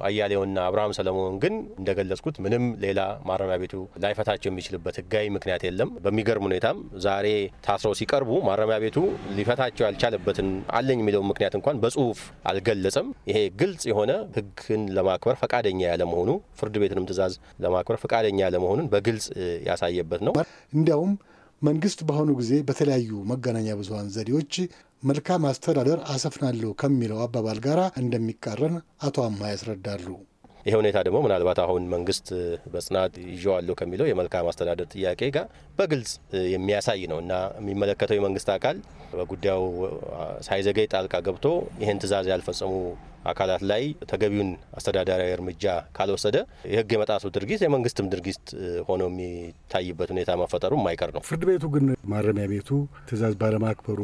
አያሌውና አብርሃም ሰለሞን ግን እንደገለጽኩት ምንም ሌላ ማረሚያ ቤቱ ላይፈታቸው የሚችልበት ሕጋዊ ምክንያት የለም። በሚገርም ሁኔታም ዛሬ ታስረው ሲቀርቡ ማረሚያ ቤቱ ሊፈታቸው ያልቻለበትን አለኝ የሚለውን ምክንያት እንኳን በጽሁፍ አልገለጸም። ይሄ ግልጽ የሆነ ሕግን ለማክበር ፈቃደ ፈቃደኛ ያለመሆኑ ፍርድ ቤትንም ትእዛዝ ለማክበር ፈቃደኛ ያለመሆኑን በግልጽ ያሳየበት ነው። እንዲያውም መንግስት በአሁኑ ጊዜ በተለያዩ መገናኛ ብዙሀን ዘዴዎች መልካም አስተዳደር አሰፍናለሁ ከሚለው አባባል ጋር እንደሚቃረን አቶ አማ ያስረዳሉ። ይህ ሁኔታ ደግሞ ምናልባት አሁን መንግስት በጽናት ይዤዋለሁ ከሚለው የመልካም አስተዳደር ጥያቄ ጋር በግልጽ የሚያሳይ ነው እና የሚመለከተው የመንግስት አካል በጉዳዩ ሳይዘገይ ጣልቃ ገብቶ ይህን ትእዛዝ ያልፈጸሙ አካላት ላይ ተገቢውን አስተዳደራዊ እርምጃ ካልወሰደ የህግ የመጣሱ ድርጊት የመንግስትም ድርጊት ሆኖ የሚታይበት ሁኔታ መፈጠሩ የማይቀር ነው። ፍርድ ቤቱ ግን ማረሚያ ቤቱ ትእዛዝ ባለማክበሩ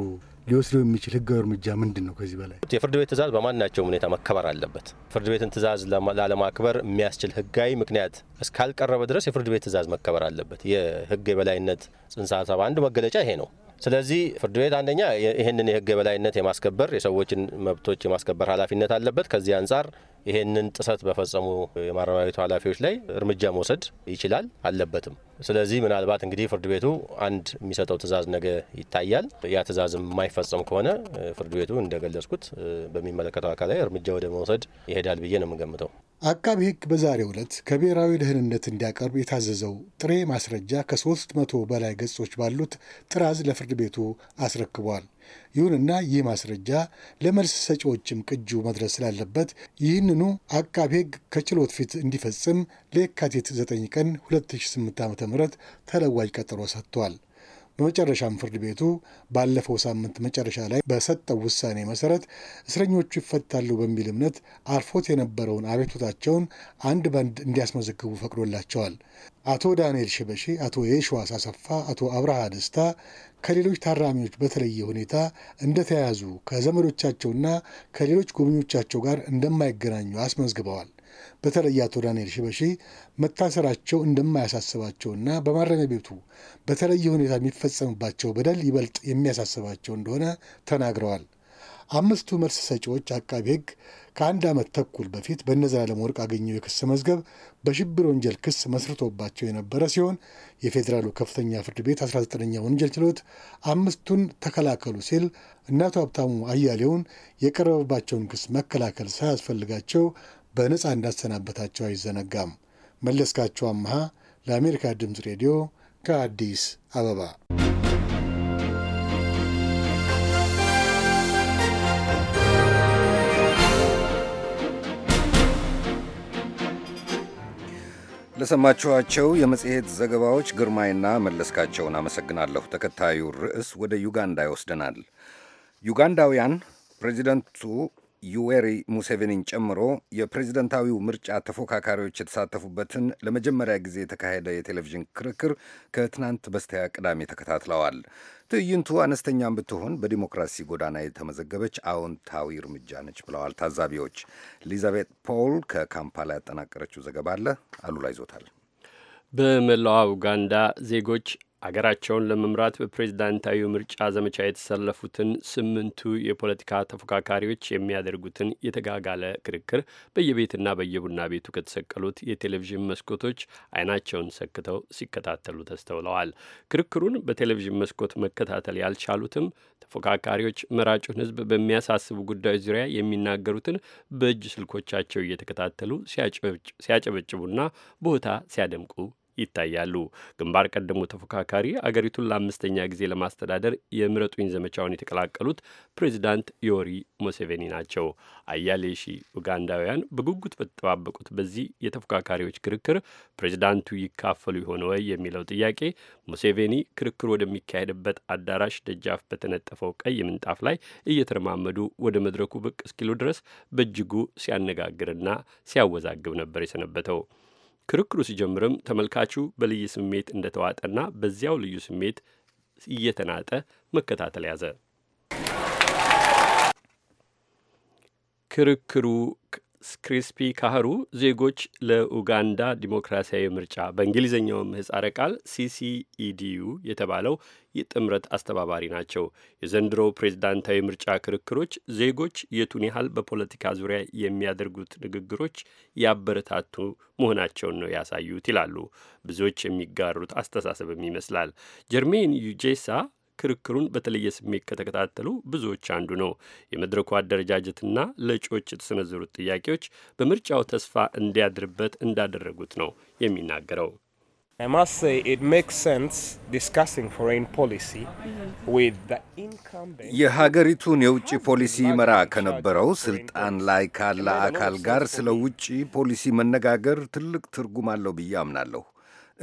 ሊወስደው የሚችል ህጋዊ እርምጃ ምንድን ነው? ከዚህ በላይ የፍርድ ቤት ትእዛዝ በማናቸውም ሁኔታ መከበር አለበት። ፍርድ ቤትን ትእዛዝ ላለማክበር የሚያስችል ህጋዊ ምክንያት እስካልቀረበ ድረስ የፍርድ ቤት ትእዛዝ መከበር አለበት። የህግ የበላይነት ጽንሰ ሀሳብ አንዱ መገለጫ ይሄ ነው። ስለዚህ ፍርድ ቤት አንደኛ ይህንን የህግ የበላይነት የማስከበር የሰዎችን መብቶች የማስከበር ኃላፊነት አለበት። ከዚህ አንጻር ይህንን ጥሰት በፈጸሙ የማረሚያ ቤቱ ኃላፊዎች ላይ እርምጃ መውሰድ ይችላል አለበትም። ስለዚህ ምናልባት እንግዲህ ፍርድ ቤቱ አንድ የሚሰጠው ትዕዛዝ ነገ ይታያል። ያ ትእዛዝ የማይፈጸም ከሆነ ፍርድ ቤቱ እንደገለጽኩት በሚመለከተው አካል ላይ እርምጃ ወደ መውሰድ ይሄዳል ብዬ ነው የምገምተው። አቃቢ ሕግ በዛሬው ዕለት ከብሔራዊ ደህንነት እንዲያቀርብ የታዘዘው ጥሬ ማስረጃ ከሶስት መቶ በላይ ገጾች ባሉት ጥራዝ ለፍርድ ቤቱ አስረክቧል። ይሁንና ይህ ማስረጃ ለመልስ ሰጪዎችም ቅጁ መድረስ ስላለበት ይህንኑ አቃቢ ሕግ ከችሎት ፊት እንዲፈጽም ለየካቲት 9 ቀን 2008 ዓ.ም ተለዋጅ ቀጠሮ ሰጥቷል። በመጨረሻም ፍርድ ቤቱ ባለፈው ሳምንት መጨረሻ ላይ በሰጠው ውሳኔ መሰረት እስረኞቹ ይፈታሉ በሚል እምነት አርፎት የነበረውን አቤቱታቸውን አንድ በንድ እንዲያስመዘግቡ ፈቅዶላቸዋል። አቶ ዳንኤል ሽበሺ፣ አቶ የሸዋስ አሰፋ፣ አቶ አብርሃ ደስታ ከሌሎች ታራሚዎች በተለየ ሁኔታ እንደተያያዙ ከዘመዶቻቸውና ከሌሎች ጎብኞቻቸው ጋር እንደማይገናኙ አስመዝግበዋል። በተለይ አቶ ዳንኤል ሽበሺ መታሰራቸው እንደማያሳስባቸውና በማረሚያ ቤቱ በተለየ ሁኔታ የሚፈጸምባቸው በደል ይበልጥ የሚያሳስባቸው እንደሆነ ተናግረዋል። አምስቱ መልስ ሰጪዎች አቃቢ ሕግ ከአንድ ዓመት ተኩል በፊት በእነ ወርቅ አገኘው የክስ መዝገብ በሽብር ወንጀል ክስ መስርቶባቸው የነበረ ሲሆን የፌዴራሉ ከፍተኛ ፍርድ ቤት 19ኛ ወንጀል ችሎት አምስቱን ተከላከሉ ሲል እናቶ ሀብታሙ አያሌውን የቀረበባቸውን ክስ መከላከል ሳያስፈልጋቸው በነፃ እንዳሰናበታቸው አይዘነጋም። መለስካቸው አምሃ ለአሜሪካ ድምፅ ሬዲዮ ከአዲስ አበባ ለሰማችኋቸው የመጽሔት ዘገባዎች ግርማይና መለስካቸውን አመሰግናለሁ። ተከታዩ ርዕስ ወደ ዩጋንዳ ይወስደናል። ዩጋንዳውያን ፕሬዚደንቱ ዩዌሪ ሙሴቬኒን ጨምሮ የፕሬዝደንታዊው ምርጫ ተፎካካሪዎች የተሳተፉበትን ለመጀመሪያ ጊዜ የተካሄደ የቴሌቪዥን ክርክር ከትናንት በስቲያ ቅዳሜ ተከታትለዋል። ትዕይንቱ አነስተኛም ብትሆን በዲሞክራሲ ጎዳና የተመዘገበች አዎንታዊ እርምጃ ነች ብለዋል ታዛቢዎች። ኤሊዛቤት ፖል ከካምፓላ ያጠናቀረችው ዘገባ አለ አሉላ ይዞታል። በመላዋ ኡጋንዳ ዜጎች አገራቸውን ለመምራት በፕሬዝዳንታዊ ምርጫ ዘመቻ የተሰለፉትን ስምንቱ የፖለቲካ ተፎካካሪዎች የሚያደርጉትን የተጋጋለ ክርክር በየቤትና በየቡና ቤቱ ከተሰቀሉት የቴሌቪዥን መስኮቶች አይናቸውን ሰክተው ሲከታተሉ ተስተውለዋል። ክርክሩን በቴሌቪዥን መስኮት መከታተል ያልቻሉትም ተፎካካሪዎች መራጩን ሕዝብ በሚያሳስቡ ጉዳዮች ዙሪያ የሚናገሩትን በእጅ ስልኮቻቸው እየተከታተሉ ሲያጨበጭቡና ቦታ ሲያደምቁ ይታያሉ። ግንባር ቀደሙ ተፎካካሪ አገሪቱን ለአምስተኛ ጊዜ ለማስተዳደር የምረጡኝ ዘመቻውን የተቀላቀሉት ፕሬዚዳንት ዮሪ ሙሴቬኒ ናቸው። አያሌ ሺህ ኡጋንዳውያን በጉጉት በተጠባበቁት በዚህ የተፎካካሪዎች ክርክር ፕሬዚዳንቱ ይካፈሉ ይሆን ወይ የሚለው ጥያቄ ሙሴቬኒ ክርክር ወደሚካሄድበት አዳራሽ ደጃፍ በተነጠፈው ቀይ ምንጣፍ ላይ እየተረማመዱ ወደ መድረኩ ብቅ እስኪሉ ድረስ በእጅጉ ሲያነጋግርና ሲያወዛግብ ነበር የሰነበተው። ክርክሩ ሲጀምርም ተመልካቹ በልዩ ስሜት እንደተዋጠና በዚያው ልዩ ስሜት እየተናጠ መከታተል ያዘ። ክርክሩ ክሪስፒ ካህሩ ዜጎች ለኡጋንዳ ዲሞክራሲያዊ ምርጫ በእንግሊዝኛው ምህጻረ ቃል ሲሲኢዲዩ የተባለው የጥምረት አስተባባሪ ናቸው። የዘንድሮ ፕሬዝዳንታዊ ምርጫ ክርክሮች ዜጎች የቱን ያህል በፖለቲካ ዙሪያ የሚያደርጉት ንግግሮች ያበረታቱ መሆናቸውን ነው ያሳዩት ይላሉ። ብዙዎች የሚጋሩት አስተሳሰብም ይመስላል። ጀርሜን ዩጄሳ ክርክሩን በተለየ ስሜት ከተከታተሉ ብዙዎች አንዱ ነው። የመድረኩ አደረጃጀትና ለእጩዎች የተሰነዘሩት ጥያቄዎች በምርጫው ተስፋ እንዲያድርበት እንዳደረጉት ነው የሚናገረው። የሀገሪቱን የውጭ ፖሊሲ መራ ከነበረው ስልጣን ላይ ካለ አካል ጋር ስለ ውጭ ፖሊሲ መነጋገር ትልቅ ትርጉም አለው ብዬ አምናለሁ።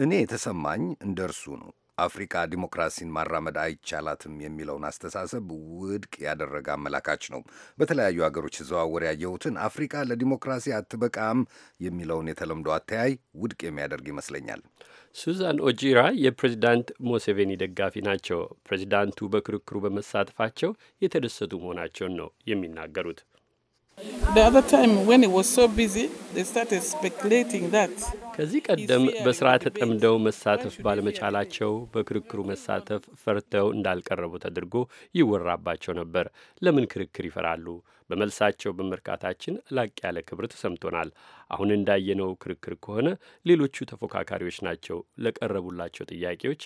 እኔ የተሰማኝ እንደ እርሱ ነው። አፍሪካ ዲሞክራሲን ማራመድ አይቻላትም የሚለውን አስተሳሰብ ውድቅ ያደረገ አመላካች ነው። በተለያዩ ሀገሮች ሲዘዋወር ያየሁትን አፍሪካ ለዲሞክራሲ አትበቃም የሚለውን የተለምዶ አተያይ ውድቅ የሚያደርግ ይመስለኛል። ሱዛን ኦጂራ የፕሬዚዳንት ሞሴቬኒ ደጋፊ ናቸው። ፕሬዚዳንቱ በክርክሩ በመሳተፋቸው የተደሰቱ መሆናቸውን ነው የሚናገሩት። ከዚህ ቀደም በስራ ተጠምደው መሳተፍ ባለመቻላቸው በክርክሩ መሳተፍ ፈርተው እንዳልቀረቡ ተደርጎ ይወራባቸው ነበር። ለምን ክርክር ይፈራሉ? በመልሳቸው በመርካታችን ላቅ ያለ ክብር ተሰምቶናል። አሁን እንዳየነው ክርክር ከሆነ ሌሎቹ ተፎካካሪዎች ናቸው ለቀረቡላቸው ጥያቄዎች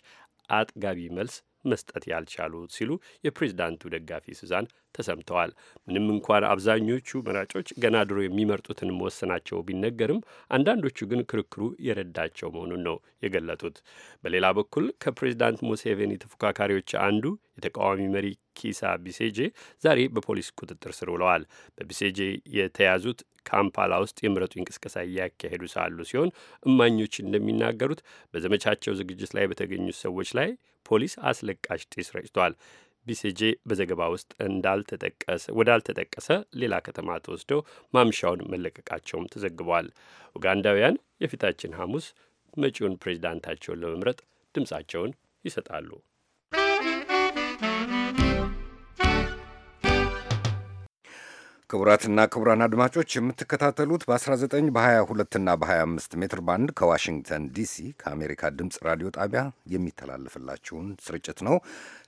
አጥጋቢ መልስ መስጠት ያልቻሉ ሲሉ የፕሬዚዳንቱ ደጋፊ ስዛን ተሰምተዋል። ምንም እንኳን አብዛኞቹ መራጮች ገና ድሮ የሚመርጡትን መወሰናቸው ቢነገርም አንዳንዶቹ ግን ክርክሩ የረዳቸው መሆኑን ነው የገለጡት። በሌላ በኩል ከፕሬዚዳንት ሙሴቬኒ ተፎካካሪዎች አንዱ የተቃዋሚ መሪ ኪሳ ቢሴጄ ዛሬ በፖሊስ ቁጥጥር ስር ውለዋል። በቢሴጄ የተያዙት ካምፓላ ውስጥ የምረጡ እንቅስቀሳ እያካሄዱ ሳሉ ሲሆን እማኞች እንደሚናገሩት በዘመቻቸው ዝግጅት ላይ በተገኙት ሰዎች ላይ ፖሊስ አስለቃሽ ጢስ ረጭቷል። ቢሲጄ በዘገባ ውስጥ ወዳልተጠቀሰ ሌላ ከተማ ተወስደው ማምሻውን መለቀቃቸውም ተዘግቧል። ኡጋንዳውያን የፊታችን ሐሙስ መጪውን ፕሬዚዳንታቸውን ለመምረጥ ድምፃቸውን ይሰጣሉ። ክቡራትና ክቡራን አድማጮች የምትከታተሉት በ19 በ22 እና በ25 ሜትር ባንድ ከዋሽንግተን ዲሲ ከአሜሪካ ድምፅ ራዲዮ ጣቢያ የሚተላለፍላችሁን ስርጭት ነው።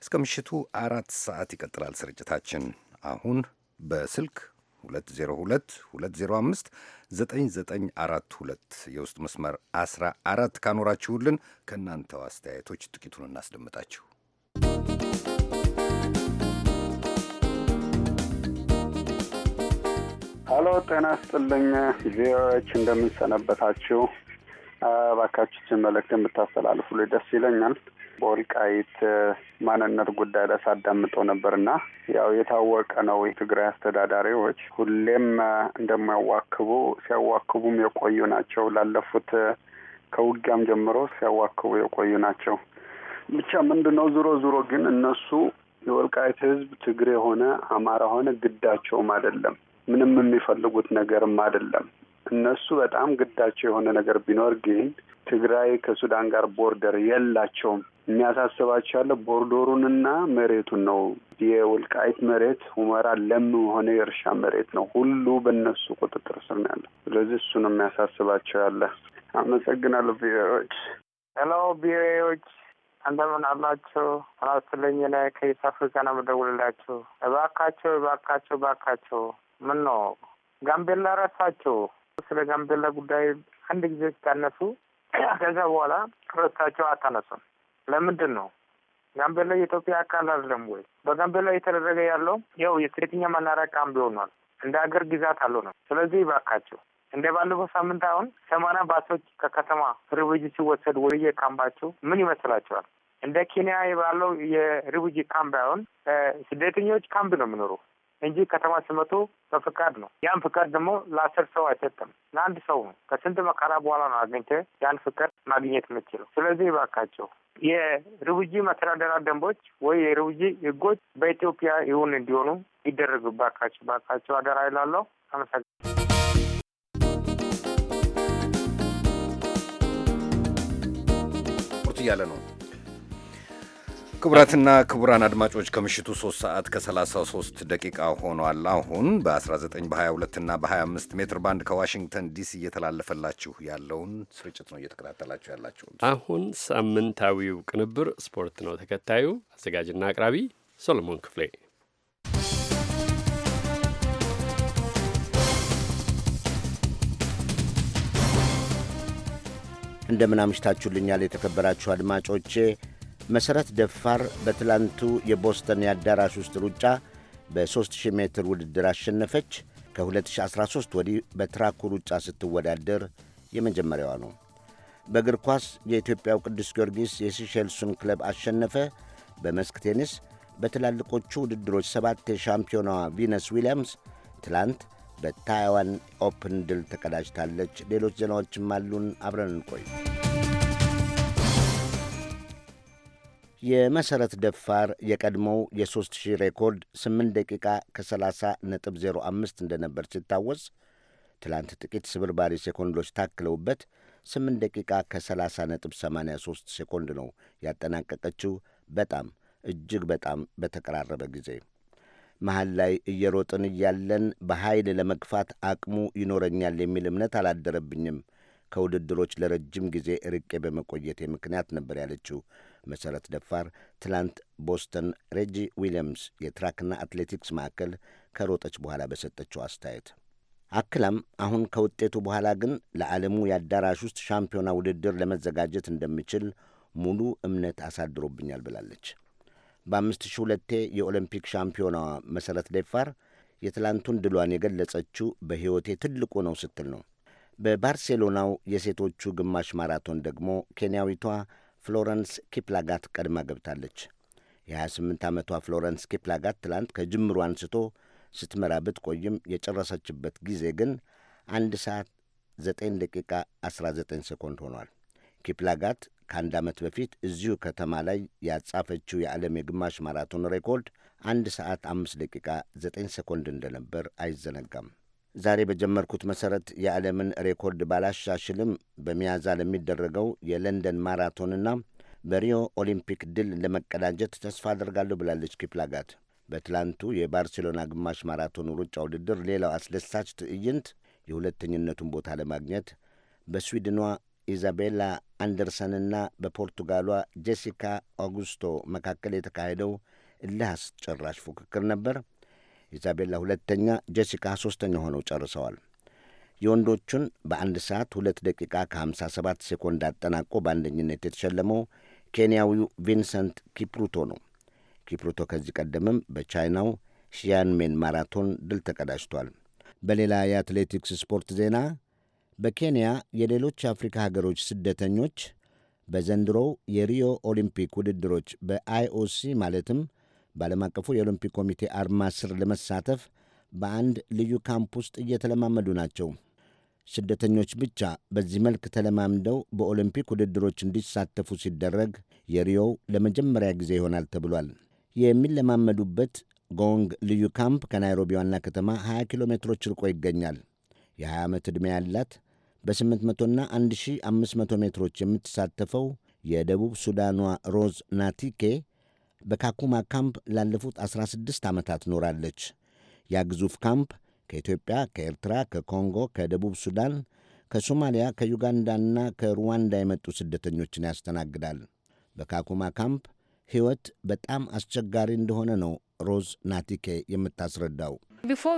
እስከ ምሽቱ አራት ሰዓት ይቀጥላል ስርጭታችን። አሁን በስልክ 2022059942 የውስጥ መስመር 14 ካኖራችሁልን ከእናንተው አስተያየቶች ጥቂቱን እናስደምጣችሁ። ሀሎ፣ ጤና ስጥልኝ ቪኦኤዎች፣ እንደምንሰነበታችሁ። እባካችሁችን መልእክት ላይ ደስ ይለኛል። በወልቃይት ማንነት ጉዳይ ላይ ሳዳምጠው ነበርና ያው የታወቀ ነው የትግራይ አስተዳዳሪዎች ሁሌም እንደማያዋክቡ ሲያዋክቡም የቆዩ ናቸው። ላለፉት ከውጊያም ጀምሮ ሲያዋክቡ የቆዩ ናቸው። ብቻ ምንድን ነው ዙሮ ዙሮ ግን እነሱ የወልቃይት ህዝብ ትግሬ ሆነ አማራ ሆነ ግዳቸውም አይደለም ምንም የሚፈልጉት ነገርም አይደለም። እነሱ በጣም ግዳቸው የሆነ ነገር ቢኖር ግን ትግራይ ከሱዳን ጋር ቦርደር የላቸውም። የሚያሳስባቸው ያለ ቦርደሩንና መሬቱን ነው። የውልቃይት መሬት ሁመራ ለም የሆነ የእርሻ መሬት ነው። ሁሉ በነሱ ቁጥጥር ስር ነው ያለ። ስለዚህ እሱ ነው የሚያሳስባቸው ያለ። አመሰግናለሁ። ቪኦኤዎች ሄሎ፣ ቪኦኤዎች እንደምን አላቸው? ራስለኝ ከኢስት አፍሪካ ነው የምደውልላቸው። እባካቸው እባካቸው እባካቸው ምን ነው ጋምቤላ ረሳቸው። ስለ ጋምቤላ ጉዳይ አንድ ጊዜ ሲታነሱ *clears throat* ከዛ በኋላ ረሳቸው፣ አታነሱም። ለምንድን ነው? ጋምቤላ የኢትዮጵያ አካል አይደለም ወይ? በጋምቤላ እየተደረገ ያለው ያው የሴትኛ መናሪያ ካምፕ ሆኗል። እንደ ሀገር ግዛት አለው ነው። ስለዚህ ይባካቸው እንደ ባለፈው ሳምንት አሁን ሰማና ባሶች ከከተማ ሪቡጂ ሲወሰድ ወይየ ካምባቸው ምን ይመስላቸዋል? እንደ ኬንያ ባለው የሪቡጂ ካምፕ አሁን ስደተኞች ካምፕ ነው የሚኖሩ እንጂ ከተማ ስመቶ በፍቃድ ነው። ያን ፍቃድ ደግሞ ለአስር ሰው አይሰጥም፣ ለአንድ ሰው ነው። ከስንት መከራ በኋላ ነው አግኝተ ያን ፍቃድ ማግኘት የምችለው። ስለዚህ ባካቸው የሪቡጂ መተዳደሪያ ደንቦች ወይ የሪቡጂ ህጎች በኢትዮጵያ ይሁን እንዲሆኑ ይደረጉ ባካቸው፣ ባካቸው አደራ ይላለሁ። አመሰግናለሁ። እያለ ነው ክቡራትና ክቡራን አድማጮች ከምሽቱ 3 ሰዓት ከ33 ደቂቃ ሆኗል። አሁን በ19 በ22 እና በ25 ሜትር ባንድ ከዋሽንግተን ዲሲ እየተላለፈላችሁ ያለውን ስርጭት ነው እየተከታተላችሁ ያላችሁ። አሁን ሳምንታዊው ቅንብር ስፖርት ነው። ተከታዩ አዘጋጅና አቅራቢ ሶሎሞን ክፍሌ እንደምን አምሽታችሁልኛል የተከበራችሁ አድማጮቼ። መሠረት ደፋር በትላንቱ የቦስተን የአዳራሽ ውስጥ ሩጫ በ3000 ሜትር ውድድር አሸነፈች። ከ2013 ወዲህ በትራኩ ሩጫ ስትወዳደር የመጀመሪያዋ ነው። በእግር ኳስ የኢትዮጵያው ቅዱስ ጊዮርጊስ የሲሼልሱን ክለብ አሸነፈ። በመስክ ቴኒስ በትላልቆቹ ውድድሮች ሰባት የሻምፒዮናዋ ቪነስ ዊሊያምስ ትላንት በታይዋን ኦፕን ድል ተቀዳጅታለች። ሌሎች ዜናዎችም አሉን። አብረን እንቆይ። የመሰረት ደፋር የቀድሞው የ3000 ሬኮርድ 8 ደቂቃ ከ30 ነጥብ 05 እንደነበር ሲታወስ ትላንት ጥቂት ስብርባሪ ሴኮንዶች ታክለውበት 8 ደቂቃ ከ30 ነጥብ 83 ሴኮንድ ነው ያጠናቀቀችው። በጣም እጅግ በጣም በተቀራረበ ጊዜ መሀል ላይ እየሮጥን እያለን በኃይል ለመግፋት አቅሙ ይኖረኛል የሚል እምነት አላደረብኝም። ከውድድሮች ለረጅም ጊዜ ርቄ በመቆየቴ ምክንያት ነበር ያለችው መሠረት ደፋር ትላንት ቦስተን ሬጂ ዊሊያምስ የትራክና አትሌቲክስ ማዕከል ከሮጠች በኋላ በሰጠችው አስተያየት አክላም አሁን ከውጤቱ በኋላ ግን ለዓለሙ የአዳራሽ ውስጥ ሻምፒዮና ውድድር ለመዘጋጀት እንደምችል ሙሉ እምነት አሳድሮብኛል ብላለች። በአምስት ሺ ሁለቴ የኦሎምፒክ ሻምፒዮናዋ መሠረት ደፋር የትላንቱን ድሏን የገለጸችው በሕይወቴ ትልቁ ነው ስትል ነው። በባርሴሎናው የሴቶቹ ግማሽ ማራቶን ደግሞ ኬንያዊቷ ፍሎረንስ ኪፕላጋት ቀድማ ገብታለች። የ28 ዓመቷ ፍሎረንስ ኪፕላጋት ትላንት ከጅምሩ አንስቶ ስትመራ ብትቆይም የጨረሰችበት ጊዜ ግን አንድ ሰዓት 9 ደቂቃ 19 ሴኮንድ ሆኗል። ኪፕላጋት ከአንድ ዓመት በፊት እዚሁ ከተማ ላይ ያጻፈችው የዓለም የግማሽ ማራቶን ሬኮርድ አንድ ሰዓት 5 ደቂቃ 9 ሰኮንድ እንደነበር አይዘነጋም። ዛሬ በጀመርኩት መሠረት የዓለምን ሬኮርድ ባላሻሽልም በሚያዝያ ለሚደረገው የለንደን ማራቶንና በሪዮ ኦሊምፒክ ድል ለመቀዳጀት ተስፋ አደርጋለሁ ብላለች ኪፕላጋት። በትላንቱ የባርሴሎና ግማሽ ማራቶን ሩጫ ውድድር ሌላው አስደሳች ትዕይንት የሁለተኝነቱን ቦታ ለማግኘት በስዊድኗ ኢዛቤላ አንደርሰንና በፖርቱጋሏ ጄሲካ ኦጉስቶ መካከል የተካሄደው እልህ አስጨራሽ ፉክክር ነበር። ኢዛቤላ ሁለተኛ፣ ጄሲካ ሦስተኛ ሆነው ጨርሰዋል። የወንዶቹን በአንድ ሰዓት ሁለት ደቂቃ ከ57 ሴኮንድ አጠናቆ በአንደኝነት የተሸለመው ኬንያዊው ቪንሰንት ኪፕሩቶ ነው። ኪፕሩቶ ከዚህ ቀደምም በቻይናው ሺያንሜን ማራቶን ድል ተቀዳጅቷል። በሌላ የአትሌቲክስ ስፖርት ዜና በኬንያ የሌሎች አፍሪካ ሀገሮች ስደተኞች በዘንድሮው የሪዮ ኦሊምፒክ ውድድሮች በአይኦሲ ማለትም በዓለም አቀፉ የኦሎምፒክ ኮሚቴ አርማ ስር ለመሳተፍ በአንድ ልዩ ካምፕ ውስጥ እየተለማመዱ ናቸው። ስደተኞች ብቻ በዚህ መልክ ተለማምደው በኦሎምፒክ ውድድሮች እንዲሳተፉ ሲደረግ የሪዮው ለመጀመሪያ ጊዜ ይሆናል ተብሏል። የሚለማመዱበት ጎንግ ልዩ ካምፕ ከናይሮቢ ዋና ከተማ 20 ኪሎ ሜትሮች ርቆ ይገኛል። የ20 ዓመት ዕድሜ ያላት በ800ና 1500 ሜትሮች የምትሳተፈው የደቡብ ሱዳኗ ሮዝ ናቲኬ በካኩማ ካምፕ ላለፉት 16 ዓመታት ኖራለች። ያ ግዙፍ ካምፕ ከኢትዮጵያ፣ ከኤርትራ፣ ከኮንጎ፣ ከደቡብ ሱዳን፣ ከሶማሊያ፣ ከዩጋንዳና ከሩዋንዳ የመጡ ስደተኞችን ያስተናግዳል። በካኩማ ካምፕ ሕይወት በጣም አስቸጋሪ እንደሆነ ነው ሮዝ ናቲኬ የምታስረዳው። ቢፎር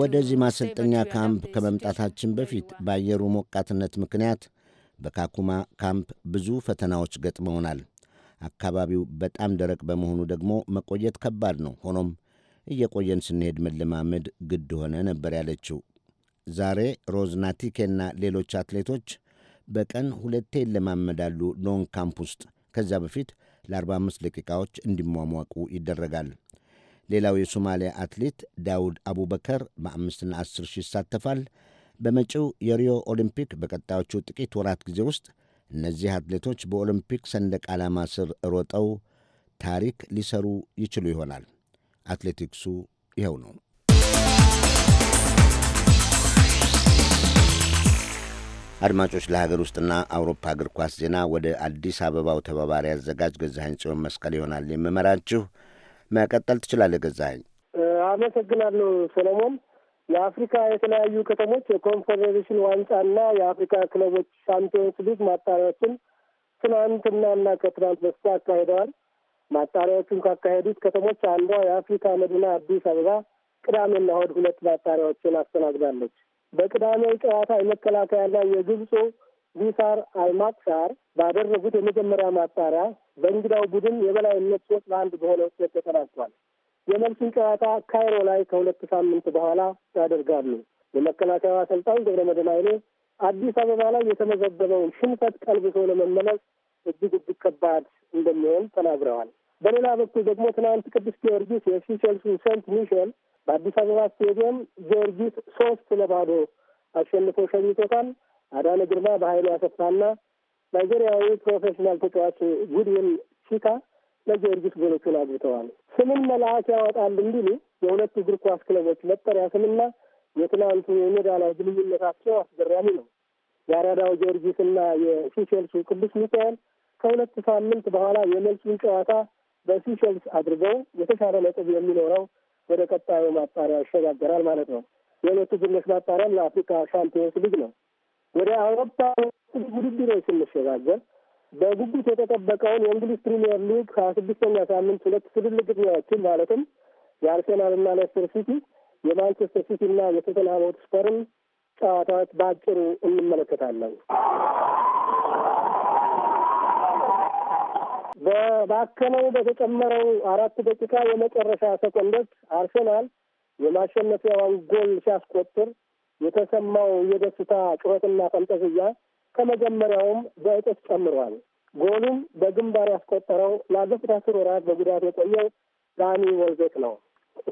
ወደዚህ ማሰልጠኛ ካምፕ ከመምጣታችን በፊት በአየሩ ሞቃትነት ምክንያት በካኩማ ካምፕ ብዙ ፈተናዎች ገጥመውናል። አካባቢው በጣም ደረቅ በመሆኑ ደግሞ መቆየት ከባድ ነው። ሆኖም እየቆየን ስንሄድ መለማመድ ግድ ሆነ ነበር ያለችው። ዛሬ ሮዝናቲኬና ሌሎች አትሌቶች በቀን ሁለቴ ይለማመዳሉ ሎንግ ካምፕ ውስጥ። ከዚያ በፊት ለ45 ደቂቃዎች እንዲሟሟቁ ይደረጋል። ሌላው የሶማሊያ አትሌት ዳውድ አቡበከር በአምስትና አስር ሺህ ይሳተፋል። በመጪው የሪዮ ኦሊምፒክ በቀጣዮቹ ጥቂት ወራት ጊዜ ውስጥ እነዚህ አትሌቶች በኦሎምፒክ ሰንደቅ ዓላማ ስር ሮጠው ታሪክ ሊሰሩ ይችሉ ይሆናል። አትሌቲክሱ ይኸው ነው። አድማጮች፣ ለሀገር ውስጥና አውሮፓ እግር ኳስ ዜና ወደ አዲስ አበባው ተባባሪ አዘጋጅ ገዛኸኝ ጽዮን መስቀል ይሆናል የምመራችሁ። መቀጠል ትችላለህ ገዛኸኝ። አመሰግናለሁ ሰለሞን። የአፍሪካ የተለያዩ ከተሞች የኮንፌዴሬሽን ዋንጫና የአፍሪካ ክለቦች ሻምፒዮንስ ሊግ ማጣሪያዎችን ትናንትናና ከትናንት በስቲያ አካሂደዋል። ማጣሪያዎቹን ካካሄዱት ከተሞች አንዷ የአፍሪካ መዲና አዲስ አበባ ቅዳሜና እሑድ ሁለት ማጣሪያዎችን አስተናግዳለች። በቅዳሜው ጨዋታ የመከላከያና የግብፁ ቪሳር አልማክሳር ባደረጉት የመጀመሪያ ማጣሪያ በእንግዳው ቡድን የበላይነት ሶስት ለአንድ በሆነ ውጤት ተጠናቋል። የመልሱን ጨዋታ ካይሮ ላይ ከሁለት ሳምንት በኋላ ያደርጋሉ። የመከላከያ አሰልጣኝ ገብረ መድህን ኃይሌ አዲስ አበባ ላይ የተመዘገበውን ሽንፈት ቀልብሶ ለመመለስ እጅግ እጅግ ከባድ እንደሚሆን ተናግረዋል። በሌላ በኩል ደግሞ ትናንት ቅዱስ ጊዮርጊስ የሲሸልሱ ሴንት ሚሼል በአዲስ አበባ ስቴዲየም ጊዮርጊስ ሶስት ለባዶ አሸንፎ ሸኝቶታል። አዳነ ግርማ በኃይሉ አሰፋና ናይጄሪያዊ ፕሮፌሽናል ተጫዋች ጉድዊን ቺካ ለጊዮርጊስ ጎሎቹን አግብተዋል። ስምን መልአክ ያወጣል እንዲሉ የሁለቱ እግር ኳስ ክለቦች መጠሪያ ስምና የትናንቱ የሜዳ ላይ ግንኙነታቸው አስገራሚ ነው። የአራዳው ጊዮርጊስና የሲሸልሱ ቅዱስ ሚካኤል ከሁለት ሳምንት በኋላ የመልሱን ጨዋታ በሲሸልስ አድርገው የተሻለ ነጥብ የሚኖረው ወደ ቀጣዩ ማጣሪያ ይሸጋገራል ማለት ነው። የሁለቱ ቡድኖች ማጣሪያም ለአፍሪካ ሻምፒዮንስ ሊግ ነው። ወደ አውሮፓ ውድድሮች ስንሸጋገር በጉጉት የተጠበቀውን የእንግሊዝ ፕሪሚየር ሊግ ሀያ ስድስተኛ ሳምንት ሁለት ትልልቅ ግጥሚያዎችን ማለትም የአርሴናልና ሌስተር ሲቲ፣ የማንቸስተር ሲቲና የቶተንሃም ሆትስፐርን ጨዋታዎች በአጭሩ እንመለከታለን። በባከነው በተጨመረው አራት ደቂቃ የመጨረሻ ሰኮንዶች አርሴናል የማሸነፊያዋን ጎል ሲያስቆጥር የተሰማው የደስታ ጩኸትና ፈንጠዝያ ከመጀመሪያውም በእጥፍ ጨምሯል። ጎሉም በግንባር ያስቆጠረው ላለፉት አስር ወራት በጉዳት የቆየው ዳኒ ወልቤክ ነው።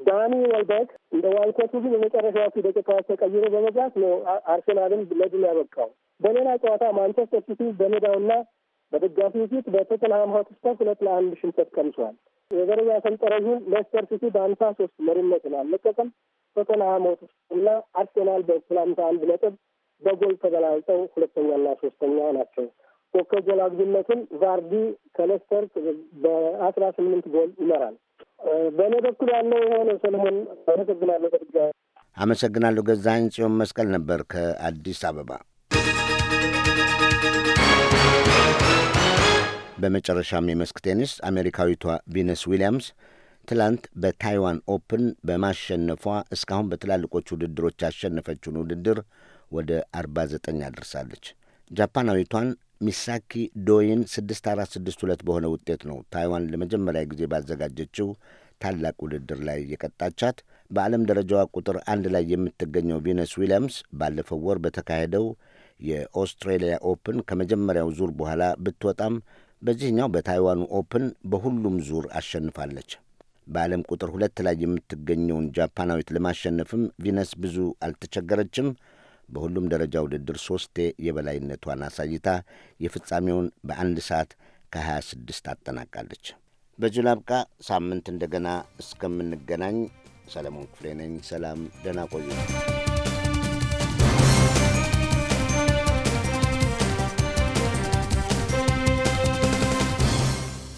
ዳኒ ወልቤክ እንደ ዋልኮት ሁሉ በመጨረሻዎቹ ደቂቃዎች ተቀይሮ በመግባት ነው አርሴናልን ለድል ያበቃው። በሌላ ጨዋታ ማንቸስተር ሲቲ በሜዳውና በደጋፊው ፊት በቶተንሃም ሆትስፐር ሁለት ለአንድ ሽንፈት ቀምሷል። የደረጃ ሰንጠረዡን ሌስተር ሲቲ በአምሳ ሶስት መሪነትን አልለቀቀም። ቶተንሃም ሆትስፐር እና አርሴናል በሰላምታ አንድ ነጥብ በጎል ተበላልጠው ሁለተኛና ሶስተኛ ናቸው። ኮከብ ጎል አግቢነትን ቫርዲ ከለስተር በአስራ ስምንት ጎል ይመራል። በእኔ በኩል ያለው የሆነ ሰለሞን አመሰግናለሁ። በድጋ አመሰግናለሁ። ገዛኝ ጽዮን መስቀል ነበር ከአዲስ አበባ። በመጨረሻም የመስክ ቴኒስ አሜሪካዊቷ ቪነስ ዊሊያምስ ትላንት በታይዋን ኦፕን በማሸነፏ እስካሁን በትላልቆች ውድድሮች ያሸነፈችውን ውድድር ወደ 49 አድርሳለች። ጃፓናዊቷን ሚሳኪ ዶይን 6462 በሆነ ውጤት ነው ታይዋን ለመጀመሪያ ጊዜ ባዘጋጀችው ታላቅ ውድድር ላይ የቀጣቻት። በዓለም ደረጃዋ ቁጥር አንድ ላይ የምትገኘው ቪነስ ዊሊያምስ ባለፈው ወር በተካሄደው የኦስትሬሊያ ኦፕን ከመጀመሪያው ዙር በኋላ ብትወጣም በዚህኛው በታይዋኑ ኦፕን በሁሉም ዙር አሸንፋለች። በዓለም ቁጥር ሁለት ላይ የምትገኘውን ጃፓናዊት ለማሸነፍም ቪነስ ብዙ አልተቸገረችም። በሁሉም ደረጃ ውድድር ሦስቴ የበላይነቷን አሳይታ የፍጻሜውን በአንድ ሰዓት ከ26 አጠናቃለች። በዚህ ላብቃ። ሳምንት እንደገና እስከምንገናኝ ሰለሞን ክፍሌ ነኝ። ሰላም፣ ደህና ቆዩ።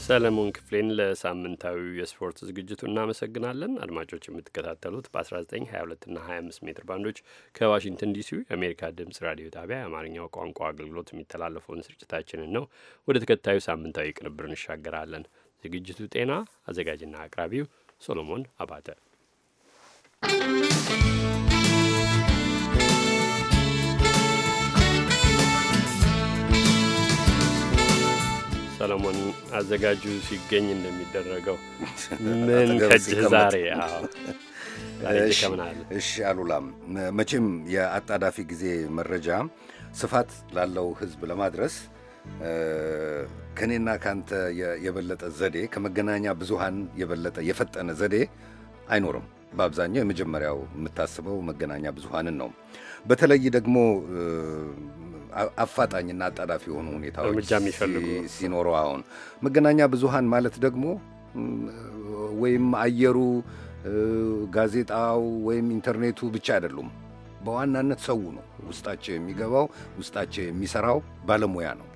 ሰለሞን ክፍሌን ለሳምንታዊ የስፖርት ዝግጅቱ እናመሰግናለን። አድማጮች የምትከታተሉት በ1922 እና 25 ሜትር ባንዶች ከዋሽንግተን ዲሲ የአሜሪካ ድምፅ ራዲዮ ጣቢያ የአማርኛው ቋንቋ አገልግሎት የሚተላለፈውን ስርጭታችንን ነው። ወደ ተከታዩ ሳምንታዊ ቅንብር እንሻገራለን። ዝግጅቱ ጤና፣ አዘጋጅና አቅራቢው ሶሎሞን አባተ ሰለሞን አዘጋጁ ሲገኝ እንደሚደረገው *laughs* ምን ከጅህ ዛሬ እሺ አሉላም መቼም የአጣዳፊ ጊዜ መረጃ ስፋት ላለው ህዝብ ለማድረስ ከእኔና ካንተ የበለጠ ዘዴ ከመገናኛ ብዙሃን የበለጠ የፈጠነ ዘዴ አይኖርም። በአብዛኛው የመጀመሪያው የምታስበው መገናኛ ብዙሃንን ነው። በተለይ ደግሞ አፋጣኝና አጣዳፊ የሆኑ ሁኔታዎች ሲኖሩ አሁን መገናኛ ብዙሃን ማለት ደግሞ ወይም አየሩ ጋዜጣው ወይም ኢንተርኔቱ ብቻ አይደሉም። በዋናነት ሰው ነው ውስጣቸው የሚገባው ውስጣቸው የሚሰራው ባለሙያ ነው።